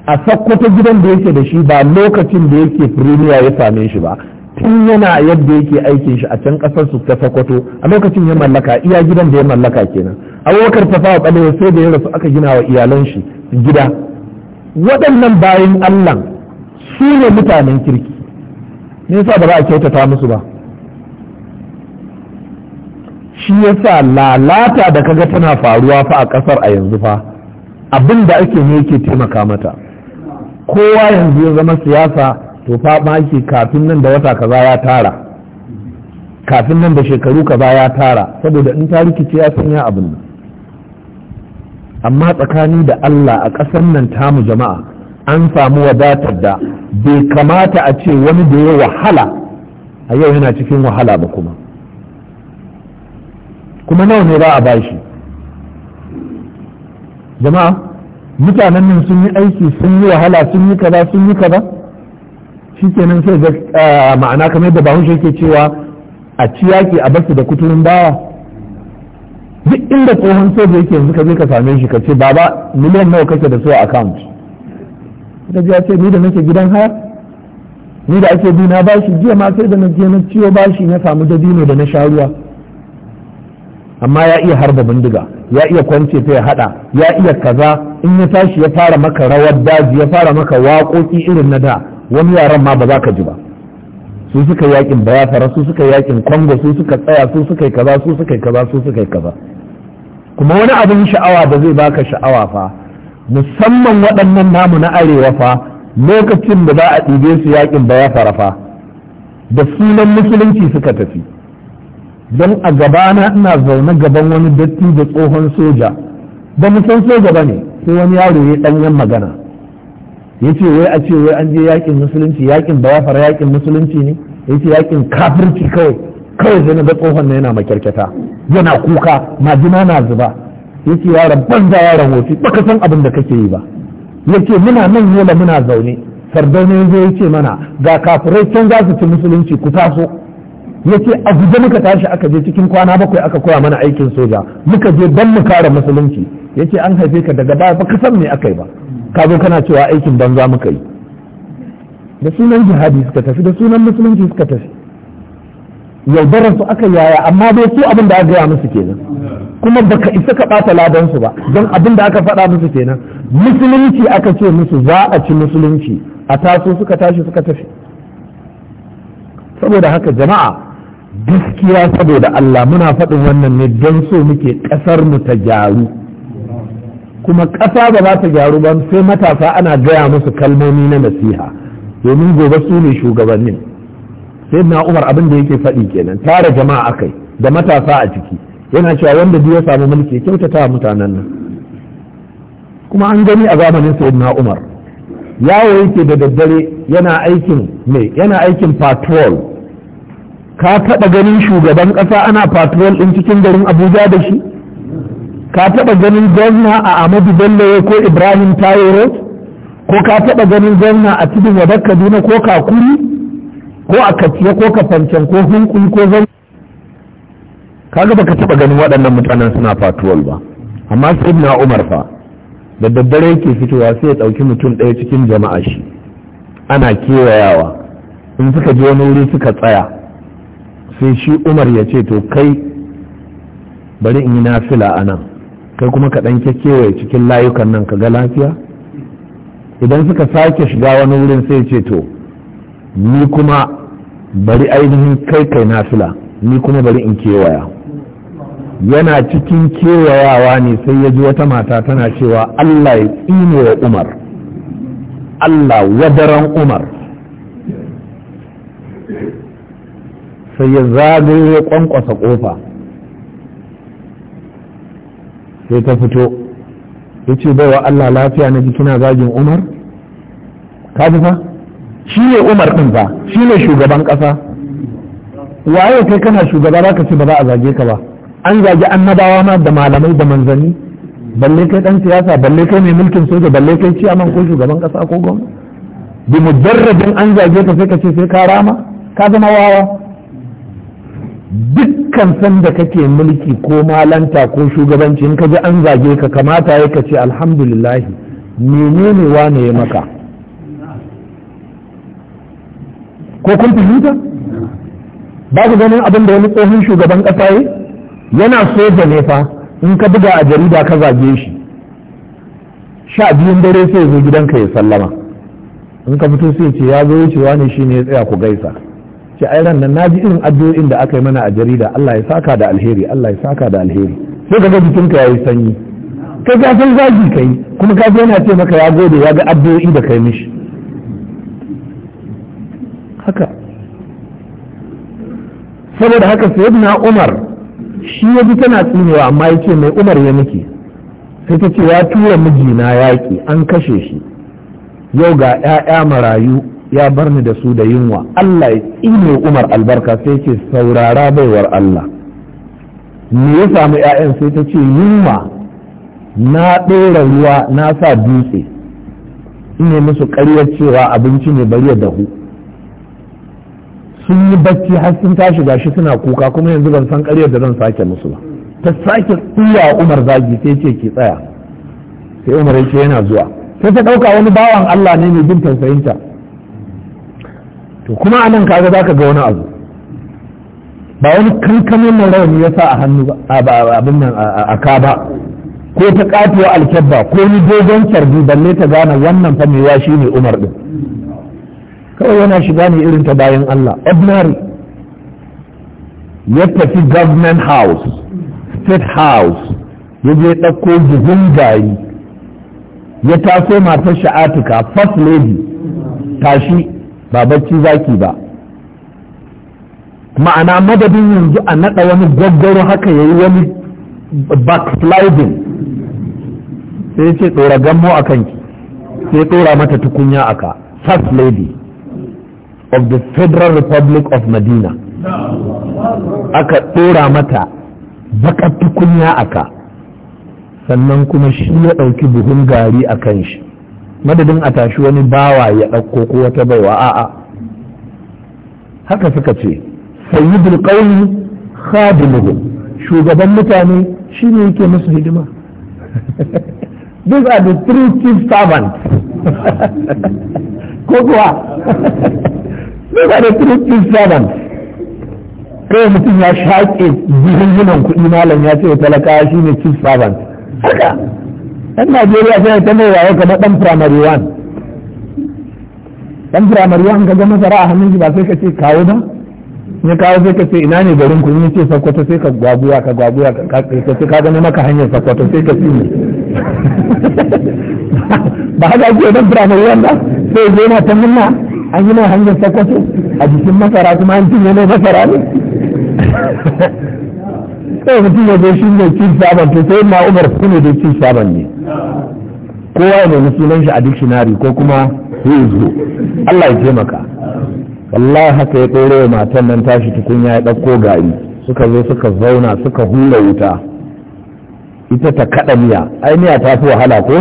a sakkwata gidan da yake da shi ba lokacin da yake firimiya ya same shi ba tun yana yadda yake aikin shi a can kasar su ta sakwato a lokacin ya mallaka iya gidan da ya mallaka kenan abubakar ta fawa balewa sai da ya rasu aka gina wa iyalan shi gida waɗannan bayan allah su ne mutanen kirki ne yasa ba za a kyautata musu ba shi yasa lalata da kaga tana faruwa fa a kasar a yanzu fa abin da ake ne yake taimaka mata kowa yanzu ya zama siyasa to fa ma kafin nan da wata kaza ya tara kafin nan da shekaru kaza ya tara saboda in ta rikice ya sanya abin nan amma tsakani da Allah a ƙasar nan tamu jama'a an samu wadatar da bai kamata a ce wani da ya wahala a yau yana cikin wahala ba kuma kuma nawa ne za a bashi jama'a mutanen nan sun yi aiki sun yi wahala sun yi kaza sun yi kaza shikenan sai ga ma'ana kamar yadda bahaushe yake cewa a ciyaki a basu da kuturin bawa duk inda tsohon soja yake yanzu ka je ka same shi ka ce baba miliyan nawa kake da su a account da ya ce ni da nake gidan haya ni da ake bina bashi jiya ma sai da na je na ciwo bashi na samu dabino da na sha ruwa amma ya iya harba bindiga ya iya kwance ta ya hada ya iya kaza in ya tashi ya fara maka rawar daji ya fara maka waƙoƙi irin na da wani yaran ma ba za ka ji ba su suka yakin bayafara su suka yakin kongo su suka tsaya su suka yi kaza su suka yi kaza su suka yi kaza kuma wani abin sha'awa da zai baka sha'awa fa musamman waɗannan namu na arewa fa lokacin da za a ɗibe su yakin bayafara fa da sunan musulunci suka tafi don a gabana ina zaune gaban wani datti da tsohon soja ba mu san soja ba ne sai wani yaro ya ɗanyen magana ya ce wai a ce wai an je yakin musulunci yakin fara yakin musulunci ne ya ce yakin kafirci kawai kawai zai na ga tsohon yana makyarkyata yana kuka majina na zuba ya ce yaron banza yaron wofi baka san abin da kake yi ba ya ce muna nan yola muna zaune sardauna ya zo ce mana ga kafirai can za su ci musulunci ku taso ya ce a guje muka tashi aka je cikin kwana bakwai aka koya mana aikin soja muka je don mu kare musulunci ya ce an haife ka daga baya baka san me aka yi ba ka zo kana cewa aikin banza muka yi da sunan jihadi suka tafi da sunan musulunci suka tafi yaudarar su aka yaya amma dai su abin da aka gaya musu kenan kuma baka isa ka ɓata ladan su ba don abin da aka faɗa musu kenan musulunci aka ce musu za a ci musulunci a taso suka tashi suka tafi saboda haka jama'a gaskiya saboda Allah muna faɗin wannan ne don so muke ƙasar mu ta gyaru kuma ƙasa ba za ta gyaru ba sai matasa ana gaya musu kalmomi na nasiha domin gobe su ne shugabannin sai na umar abin da yake faɗi kenan tara jama'a akai da matasa a ciki yana cewa wanda biyu ya samu mulki kyautata wa mutanen nan kuma an gani a zamanin sai na umar yawo yake da daddare yana aikin me yana aikin patrol ka taɓa ganin shugaban ƙasa ana patrol ɗin cikin garin abuja da shi ka taɓa ganin zanna a amadu bello ko ibrahim tayoro ko ka taɓa ganin zanna a cikin wadar kaduna ko kakuri ko a kaciya ko kafancan ko hunkuli ko zan kaga baka taɓa ganin waɗannan mutanen suna fatuwal ba amma sai na umar fa da daddare yake fitowa sai ya ɗauki mutum ɗaya cikin jama'a shi ana kewayawa in suka je wani wuri suka tsaya sai shi umar ya ce to kai bari in yi nafila a nan kai kuma ka ɗan kekewaye cikin layukan nan ka ga lafiya idan suka sake shiga wani wurin sai ce to ni kuma bari ainihin kai kai nafila ni kuma bari in kewaya yana cikin kewayawa ne sai ya ji wata mata tana cewa Allah ya tsine wa Umar Allah wadaran Umar sai ya zagaye ya kwankwasa kofa sai ta fito ya ce wa Allah lafiya na kina zagin umar ka ji fa shi ne umar ɗin fa shi ne shugaban ƙasa waye kai kana shugaba za ka ce ba za a zage ka ba an zage annabawa ma da malamai da manzanni balle kai ɗan siyasa balle kai mai mulkin soja balle kai aman ko shugaban ƙasa ko gwamna bi mujarrabin an zage ka sai ka ce sai ka rama ka zama wawa dukkan sanda kake mulki ko malanta ko shugabanci in ka ji an zage ka kamata ya ka ce alhamdulillahi menene wane ya maka ko kun fahimta ba ku ganin abin da wani tsohon shugaban ƙasa yi yana soja ne fa in ka buga a jarida ka zage shi sha biyun dare sai ya zo gidanka ya sallama in ka fito sai ce ya zo wucewa ne shi ne ya tsaya ku gaisa ce ai ran nan naji irin addu'o'in da aka yi mana a jarida Allah ya saka da alheri Allah ya saka da alheri sai ka ga jikinka yayi sanyi kai ka san zagi kai kuma ka yana ce maka ya gode ya ga addu'o'i da kai mishi haka saboda haka na Umar shi ya ji tana tsinewa amma yace mai Umar ya miki sai ta ce ya tura mijina yaƙi an kashe shi yau ga 'ya'ya marayu ya bar ni da su da yunwa Allah ya tsine Umar albarka sai ce saurara baiwar Allah me ya samu ƴaƴan sai ta ce yunwa na ɗora ruwa na sa dutse ne musu ƙaryar cewa abinci ne bari da dahu sun yi bacci har sun tashi shi suna kuka kuma yanzu ban san ƙaryar da zan sake musu ba ta sake tsiya Umar zagi sai ce ki tsaya sai Umar ya ce yana zuwa sai ta ɗauka wani bawan Allah ne mai jin tausayinta to kuma anan kaga zaka ga wani abu ba wani kankanin nan rawani ya sa a hannu abin nan a ka ba ko ta katuwa alkyabba ko ni dogon sarbi balle ta gane wannan fa mai shi ne umar din kawai yana shiga ne irin ta bayan Allah ordinary ya tafi government house state house ya je ɗauko buhun gari ya taso matar sha'atuka first lady tashi ba bacci zaki ba ma'ana madadin yanzu a naɗa wani gwaggwaro haka ya yi wani backsliding sai ce ɗora gammo a kanki sai ɗora mata tukunya a ka first lady of the federal republic of medina aka ɗora mata baka tukunya a ka sannan kuma shi ya ɗauki buhun gari a kan shi madadin a tashi wani bawa ya ɗauko ko wata baiwa a'a haka suka ce sayyidul qawmi khadimuhu shugaban mutane shine yake musu hidima these are the three chief servants ko kuwa these are the three chief servants kai mutum ya shaƙe bihin kuɗi malam ya ce talaka shine chief servant haka ɗan najeriya sai ta mai wayo kamar ɗan firamare wan ɗan firamare wan ka ga masara a hannun shi ba sai ka ce kawo ba ya kawo sai ka ce ina ne garin ku ne ce sokoto sai ka gwaguya ka gwaguya ka ce ka gani maka hanyar sokoto sai ka fi ba haka ake ɗan firamare wan ba sai zai na ta munna an yi mai hanyar sokoto a jikin masara kuma an cinye mai masara ne sai mutum ya zo shi ne cin shaban to sai ma umar su ne da cin saban ne kowa ya nemi sunan shi a dictionary ko kuma hizo Allah ya taimaka wallahi haka ya ɗore wa matan nan tashi tukunya ya ɗauko gari suka zo suka zauna suka hula wuta ita ta kaɗa miya ai miya ta fi wahala ko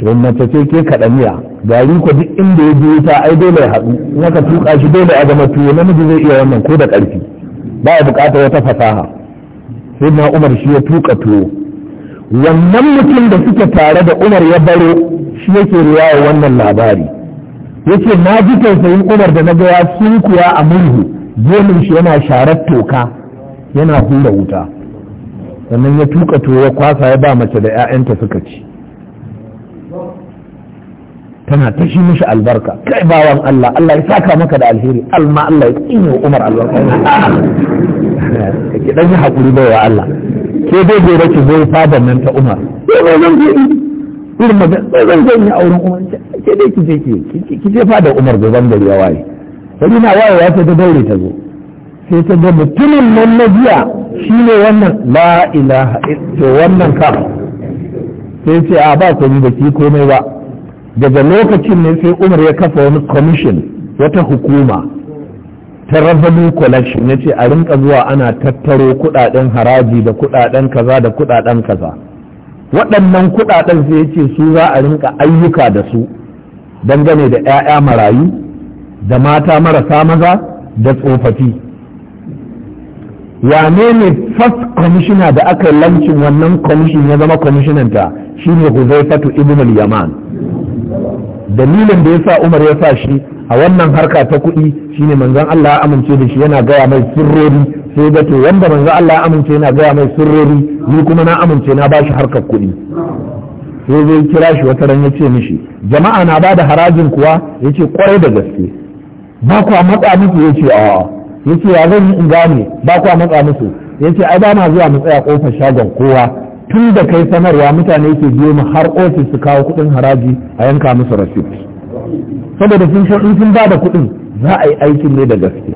to mace ce ke kaɗa miya gari ko duk inda ya je wuta ai dole ya haɗu in aka tuka shi dole a zama tuwo namiji zai iya wannan ko da ƙarfi ba a buƙatar wata fasaha sai na umar shi ya tuka tuwo wannan mutum da suke tare da umar ya baro shi yake riwaya wannan labari yake na ji tausayin umar da na ga ya sunkuya a murhu gemin shi yana sharar toka yana hura wuta sannan ya tuka tuwo ya kwasa ya ba mace da 'ya'yanta suka ci tana ta shi mishi albarka kai bawan Allah Allah ya saka maka da alheri alma Allah ya tsine Umar albarka Ka ki dan yi hakuri bai wa Allah ke dai da ki zo fadar nan ta Umar sai ba zan je irin maza sai zan je ni auren Umar ke dai ki je ki ki je fadar Umar zan gari ya waye sai na waye ya ta daure ta zo sai ta ga mutumin nan na jiya shine wannan la ilaha illa wannan ka sai ce a ba komai da ki komai ba daga lokacin ne sai Umar ya kafa wani commission wata hukuma ta revenue collection ya ce a rinka zuwa ana tattaro kudaden haraji da kudaden kaza da kudaden kaza waɗannan kudaden sai ya ce su za a rinka ayyuka da su dangane da 'ya'ya marayu da mata marasa maza da tsofaffi ya ne first commissioner da aka lancin wannan commission ya zama kwamishinanta shine huzaifatu ibn al-yaman dalilin da ya sa umar ya sa shi a wannan harka ta kuɗi shine manzon Allah ya amince da shi yana gaya mai sirrori sai da to wanda manzon Allah ya amince yana gaya mai sirrori ni kuma na amince na bashi harkar kuɗi sai zai kira shi wata ran yace mishi jama'a na bada harajin kuwa yace kwarai da gaske ba kwa matsa musu yace a yace ya zan in gane ba kwa matsa musu yace ai ba ma zuwa mu tsaya kofar shagon kowa tun da kai sanarwa mutane ke biyo mu har ofis su kawo kuɗin haraji a yanka musu rasit saboda sun shan sun ba da kuɗin za a yi aikin ne da gaske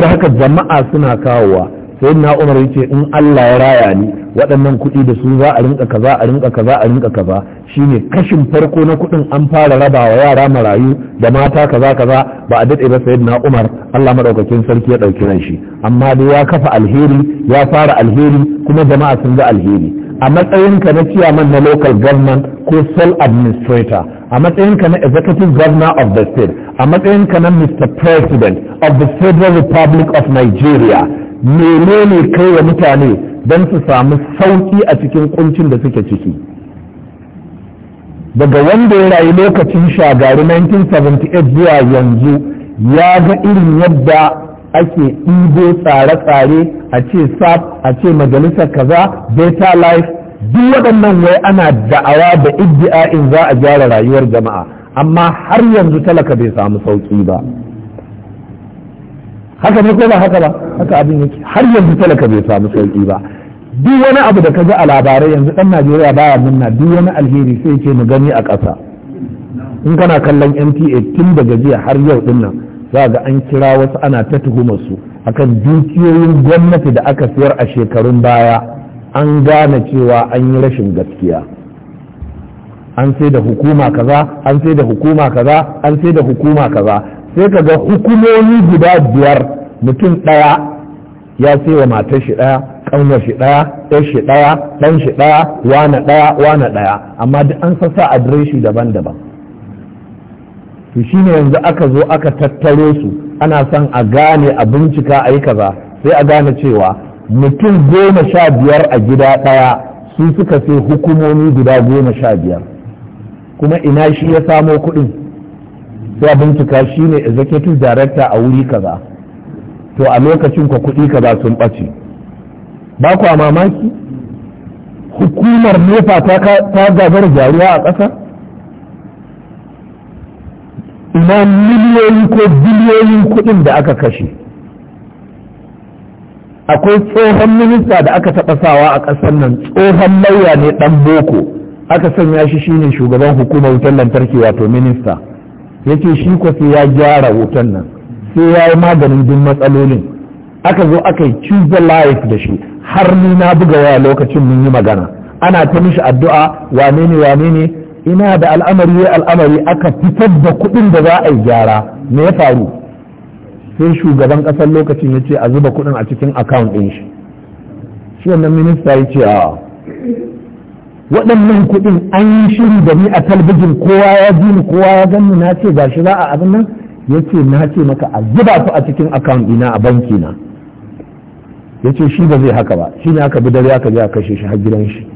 da haka jama'a suna kawowa sai na umar yace in Allah ya raya ni waɗannan kuɗi da su za a rinka kaza a rinka kaza a rinka kaza shine kashin farko na kuɗin an fara rabawa yara marayu da mata kaza kaza ba a daɗe ba sayyidina umar Allah maɗaukakin sarki ya ɗauki ran shi amma dai ya kafa alheri ya fara alheri kuma jama'a sun ga alheri a matsayinka na chairman na local government ko sole administrator a matsayinka na executive governor of the state a matsayinka na mr president of the federal republic of nigeria menene kai wa mutane don su samu sauki a cikin kuncin da suke ciki daga wanda ya rayu lokacin shagari 1978 zuwa yanzu ya ga irin yadda ake ɗibo tsare-tsare a ce sap a ce majalisar kaza beta life duk waɗannan wai ana da'awa da iddi'a'in za a gyara rayuwar jama'a amma har yanzu talaka bai samu sauƙi ba haka ne ko ba haka ba haka abin yake har yanzu talaka bai samu sauƙi ba duk wani abu da ka ji a labarai yanzu ɗan najeriya baya munna duk wani alheri sai ce mu gani a ƙasa in kana kallon mta tun daga jiya har yau ɗin nan za ga an kira wasu ana ta tuhumarsu kan dukiyoyin gwamnati da aka siyar a shekarun baya an gane cewa an yi rashin gaskiya an sai da hukuma kaza an sai da hukuma kaza an sai da hukuma kaza sai ka ga hukumomi guda biyar mutum ɗaya ya sai wa matar shi ɗaya ƙaunar shi ɗaya ɗan shi ɗaya ɗan shi ɗaya wane ɗaya wane ɗaya amma duk an sassa adireshi daban-daban to shi ne yanzu aka zo aka tattaro su ana son a gane a bincika a yi kaza sai a gane cewa mutum goma sha biyar a gida ɗaya su suka sai hukumomi guda goma sha biyar kuma ina shi ya samo kuɗin sai a bincika shi ne executive director a wuri kaza to a lokacin ka kuɗi kaza sun ɓace ba kwa mamaki hukumar nefa ta gagar jariya a ƙasar? ina miliyoyi ko biliyoyin kuɗin da aka kashe akwai tsohon minista da aka taɓa sawa a ƙasar nan tsohon lauya ne ɗan boko aka sanya shi shine shugaban hukumar wutar lantarki wato minista ya shi ko sai ya gyara wutar nan sai ya yi maganin duk matsalolin aka zo aka yi choose life da shi har ni na buga waya lokacin mun yi magana ana ta mishi addu'a wane ne wane ne ina da al'amari ya al'amari aka fitar da kuɗin da za a yi gyara me ya faru sai shugaban kasar lokacin ya ce a zuba kuɗin a cikin akawun ɗin shi shi wannan minista ya ce a waɗannan kuɗin an yi shiri da ni a talbijin kowa ya ji ni kowa ya gani na ce ga shi za a abin nan ya ce na ce maka a zuba su a cikin akawun ɗina a banki na ya ce shi ba zai haka ba shi ne aka bi dare aka je a kashe shi har gidan shi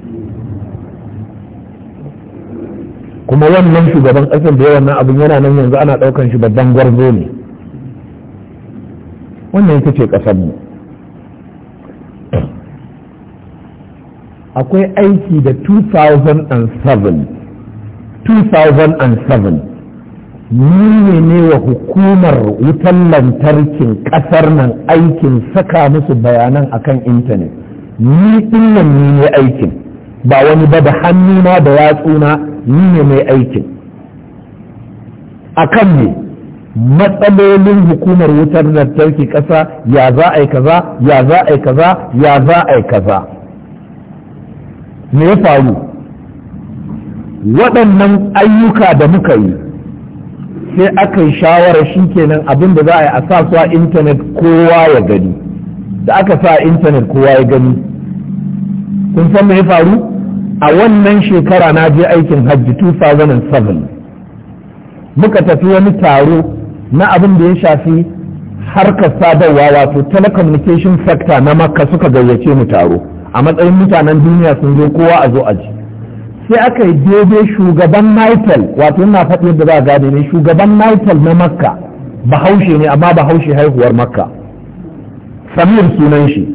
kuma wannan shugaban ƙasar da yawan abin yana nan yanzu ana ɗaukan shi babban gwarzo ne wannan ita ce ƙasarmu akwai aiki da 2007 2007 ni ne wa hukumar wutan lantarkin ƙasar nan aikin saka musu bayanan akan intanet ni ɗin nan ne aikin ba wani ba da hannuna da yatsuna ni ne mai aikin A kan ne matsalolin hukumar wutar lantarki ƙasa ya za a yi kaza ya za a yi kaza ya za a yi kaza me ya faru waɗannan ayyuka da muka yi sai aka yi shawarar shi kenan abin da za a yi a sa su a intanet kowa ya gani da aka sa a intanet kowa ya gani kun san me ya faru a wannan shekara na je aikin hajji 2007 muka tafi wani taro na abin da ya shafi harkar sadarwa wato telecommunication sector na makka suka gayyace mu taro a matsayin mutanen duniya sun zo kowa a zo a ji sai aka yi daidai shugaban nitel wato yana faɗi yadda za a gane ne shugaban nitel na makka bahaushe ne amma bahaushe haihuwar makka samir sunan shi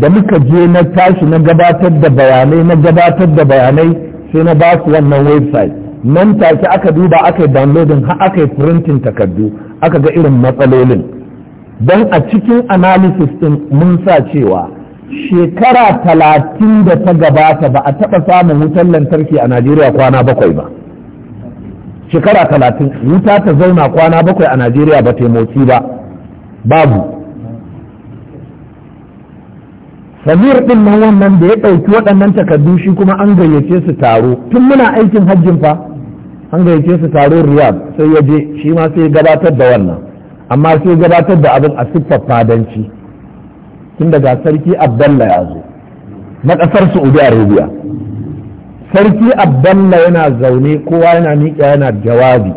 da muka je na tashi na gabatar da bayanai na gabatar da bayanai sai na ba su wannan website nan take aka duba aka yi downloading har aka yi printing takardu aka ga irin matsalolin don a cikin analysis din mun sa cewa shekara talatin da ta gabata ba a taɓa samun wutar lantarki a najeriya kwana bakwai ba shekara talatin wuta ta zauna kwana bakwai a najeriya ba taimaki ba babu samir din nan wannan da ya ɗauki waɗannan takardu shi kuma an gayyace su taro tun muna aikin hajjin fa an gayyace su taro Riyadh sai ya je shi ma sai gabatar da wannan amma sai gabatar da abin a siffar fadanci tun daga sarki abdalla ya zo na ƙasar saudi arabia sarki Abdullahi yana zaune kowa yana miƙa yana jawabi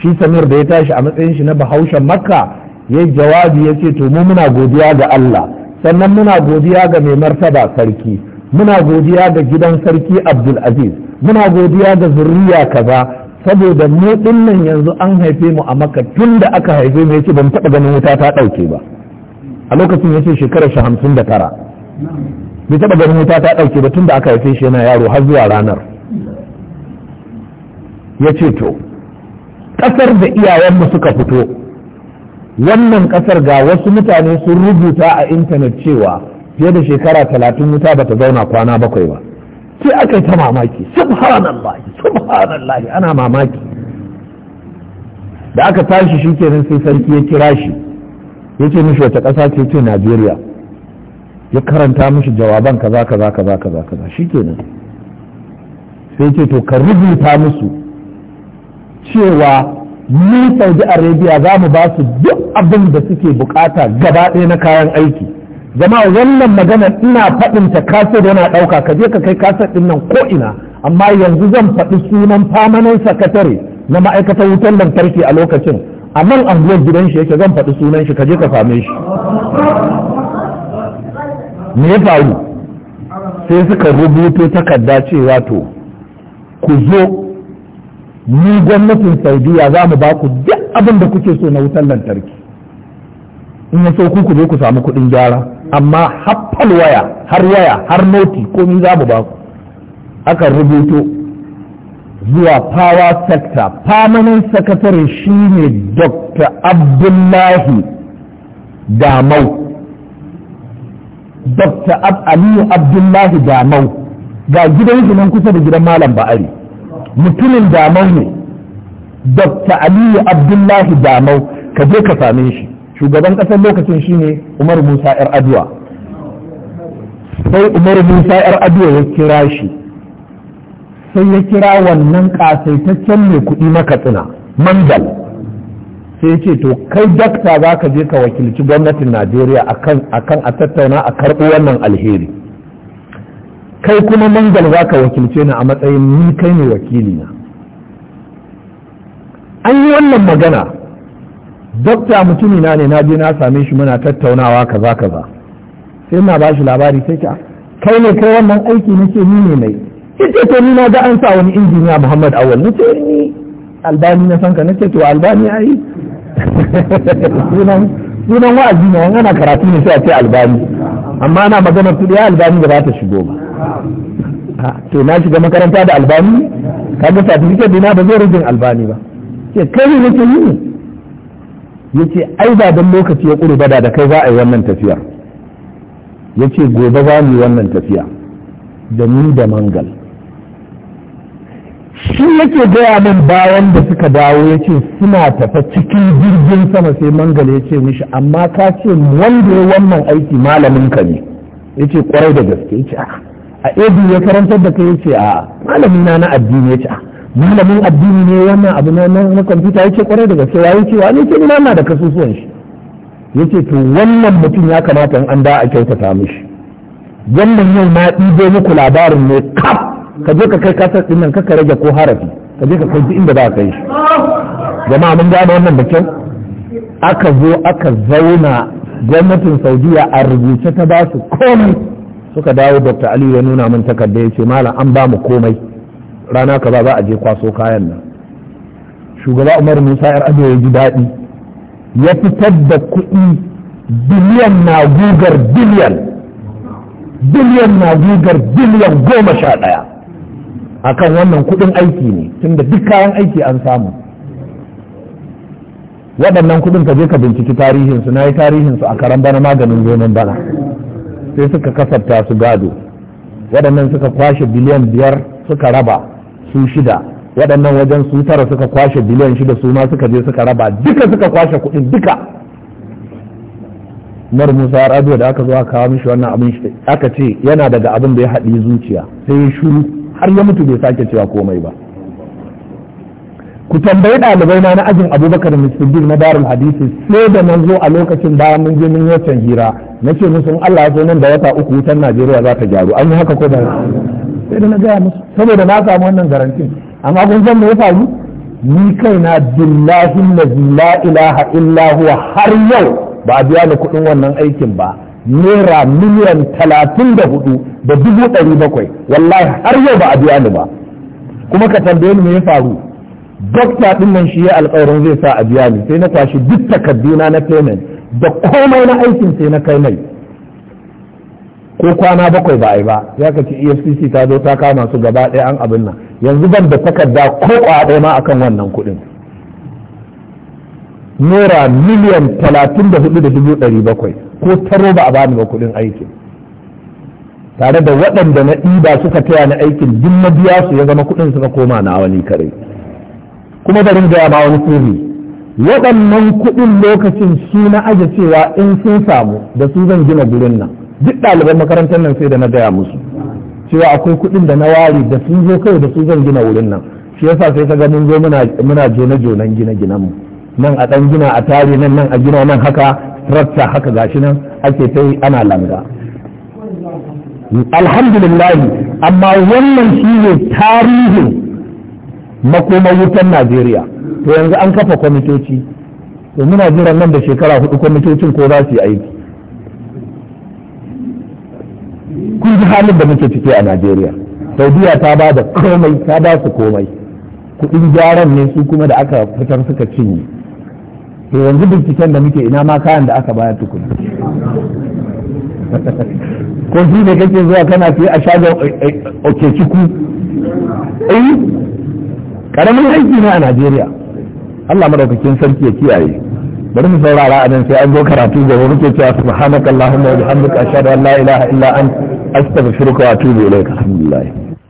shi samir da ya tashi a matsayin shi na Bahaushe, makka ya jawabi ya ce to mu muna godiya ga allah sannan muna godiya ga mai martaba sarki muna godiya ga gidan sarki abdulaziz muna godiya ga zuriya kaza saboda mu dinnan yanzu an haife mu a maka tun da aka haife mu yace ban taɓa ganin wuta ta ɗauke ba a lokacin yace shekara 59 hamsin da bai taɓa ganin wuta ta ɗauke ba tun da aka haife shi yana yaro har zuwa ranar yace to ƙasar da iyayenmu suka fito wannan kasar ga wasu mutane sun rubuta a intanet cewa fiye da shekara talatin wuta ba ta zauna kwana bakwai ba sai aka yi ta mamaki subhanallah, subhanallah, ana mamaki da aka tashi shi kenan sai sarki ya kira shi ya ce mishi wata ƙasa ce ce najeriya ya karanta mishi jawaban kaza kaza kaza kaza kaza shi kenan sai ce to ka rubuta musu cewa ni saudi arabia za mu ba su duk abin da suke bukata gaba ɗaya na kayan aiki a wannan magana ina faɗin ta da yana ɗauka ka je ka kai kaso ɗin nan ko ina amma yanzu zan faɗi sunan famanan sakatare na ma'aikatar wutar lantarki a lokacin a nan anguwar gidan shi yake zan faɗi sunan shi ka je ka same shi me ya faru sai suka rubuto takarda cewa to ku zo ni gwamnatin saudiya za mu ba ku duk abin da kuke so na wutar lantarki in ya sauku ku ku je ku samu kuɗin gyara amma haffal waya har waya har noti komi za mu ba ku aka rubuto zuwa power sector permanent secretary shine dr abdullahi damau dr aliyu abdullahi damau ga gidan nan kusa da gidan malam ba'ari mutumin damau ne dr aliyu abdullahi damau ka je ka same shi shugaban ƙasar lokacin shi ne umar musa yar aduwa sai umar musa yar aduwa ya kira shi sai ya kira wannan ƙasaitaccen mai kuɗi makatsina mangal sai ce to kai dakta za ka je ka wakilci gwamnatin najeriya akan a tattauna a karɓi wannan alheri kai kuma mangal za ka wakilce ni a matsayin ni kai ne wakili na an yi wannan magana dokta mutumina ne na je na same shi muna tattaunawa kaza kaza sai na ba shi labari sai ka kai ne kai wannan aiki na ce ni ne mai ce to ni na ga an sa wani injiniya muhammad awal na ce ni albani na sanka na ce to albani yi. sunan wa'azi ne wani ana karatu ne sai a ce albani amma ana maganar kuɗi ya albani da za ta shigo ba to na shiga makaranta da albani kaga da na ba zai rubin albani ba ke kai ne ke yi ya ce ai ba don lokaci ya kure bada da kai za a yi wannan tafiyar ya gobe za mu yi wannan tafiya da ni da mangal shi yake gaya min bayan da suka dawo ya ce suna tafa cikin jirgin sama sai mangala ya ce mishi amma ka ce wanda ya wannan aiki malamin ka ne ya ce kwarai da gaske ya ce ah, a edu ya karantar da kai ya ce a ah, malamin na na addini ya ce a ah, malamin addini ne wannan abu na na kwamfuta ya ce kwarai da gaske ya yi cewa ne nuna na da kasusuwan shi ya ce to wannan mutum ya kamata in an da a kyautata mishi wannan yau na ɗibo muku labarin ne kaf ka je ka kai kasar din nan ka rage ko harafi ka je ka kai duk inda za ka yi jama'a mun gano wannan da kyau aka zo aka zauna gwamnatin saudiya a rubuce ta ba su komai suka dawo dr ali ya nuna min takarda ya ce malam an ba mu komai rana ka za a je kwaso kayan nan shugaba umar musa yar ado ya ji daɗi ya fitar da kuɗi biliyan na gugar biliyan biliyan na gugar biliyan goma sha ɗaya akan wannan kudin aiki ne tunda duk kayan aiki an samu waɗannan kudin ka je ka binciki tarihinsu na yi tarihinsu a karan bana maganin gonan bana sai suka kasafta su gado waɗannan suka kwashe biliyan biyar suka raba su shida waɗannan wajen su tara suka kwashe biliyan shida su ma suka je suka raba duka suka kwashe kuɗin duka mar musa radio da aka zo aka kawo mishi wannan abin shi aka ce yana daga abin da ya haɗi zuciya sai ya shuru har ya mutu bai sake cewa komai ba ku tambayi ɗalibai na na ajin abubakar misbidin na darul hadisi sai da nan zo a lokacin bayan mun je mun yi hira na ce musu Allah ya zo nan da wata uku wutan Najeriya za ta gyaru an yi haka ko ba sai da na gaya musu saboda na samu wannan garantin amma kun san me ya faru ni kaina billahi la ilaha illa huwa har yau ba a biya ni kuɗin wannan aikin ba naira miliyan talatin da hudu da dubu ɗari bakwai wallahi har yau ba a biya ni ba kuma ka tambaye ni me ya faru dokta ɗin nan shi ya alƙawarin zai sa a biya ni sai na kwashi duk takarduna na payment da komai na aikin sai na kai mai ko kwana bakwai ba a yi ba ya ka ci efcc ta zo ta kama su gaba ɗaya an abin nan yanzu ban da takarda ko kwa ɗaya ma akan wannan kuɗin naira miliyan talatin da hudu da dubu ɗari bakwai ko taro ba a bani ba kuɗin aikin tare da waɗanda na ɗiba suka taya ni aikin duk na biya su ya zama kuɗin suka koma na wani kare kuma barin gaya ma wani sirri waɗannan kuɗin lokacin su na aje cewa in sun samu da su zan gina gurin nan duk ɗaliban makarantar nan sai da na gaya musu cewa akwai kuɗin da na wari da sun zo kawai da su zan gina wurin nan shi yasa sai ka ga mun zo muna jona jonan gina ginen mu nan a ɗan gina a tare nan nan a gina nan haka rasta haka gashi nan ake ta yi ana langa alhamdulillahi amma wannan shi ne tarihin makoma wutan najeriya to yanzu an kafa kwamitoci to muna jiran nan da shekara hudu kwamitocin ko za su yi aiki kun ji halin da muke ciki a najeriya saudiya ta ba da komai ta ba su komai kudin gyaran ne su kuma da aka fitar suka cinye to yanzu binciken da muke ina ma kayan da aka bayar tukuna ko shi ne kake zuwa kana fiye a shagon eh, eh, ciku eh karamin aiki ne a najeriya allah maraukakin sarki ya kiyaye bari mu saurara a nan sai an zo karatu gaba muke cewa allahumma wa bihamdika ashhadu an la ilaha illa anta astaghfiruka wa atubu ilaik alhamdulillah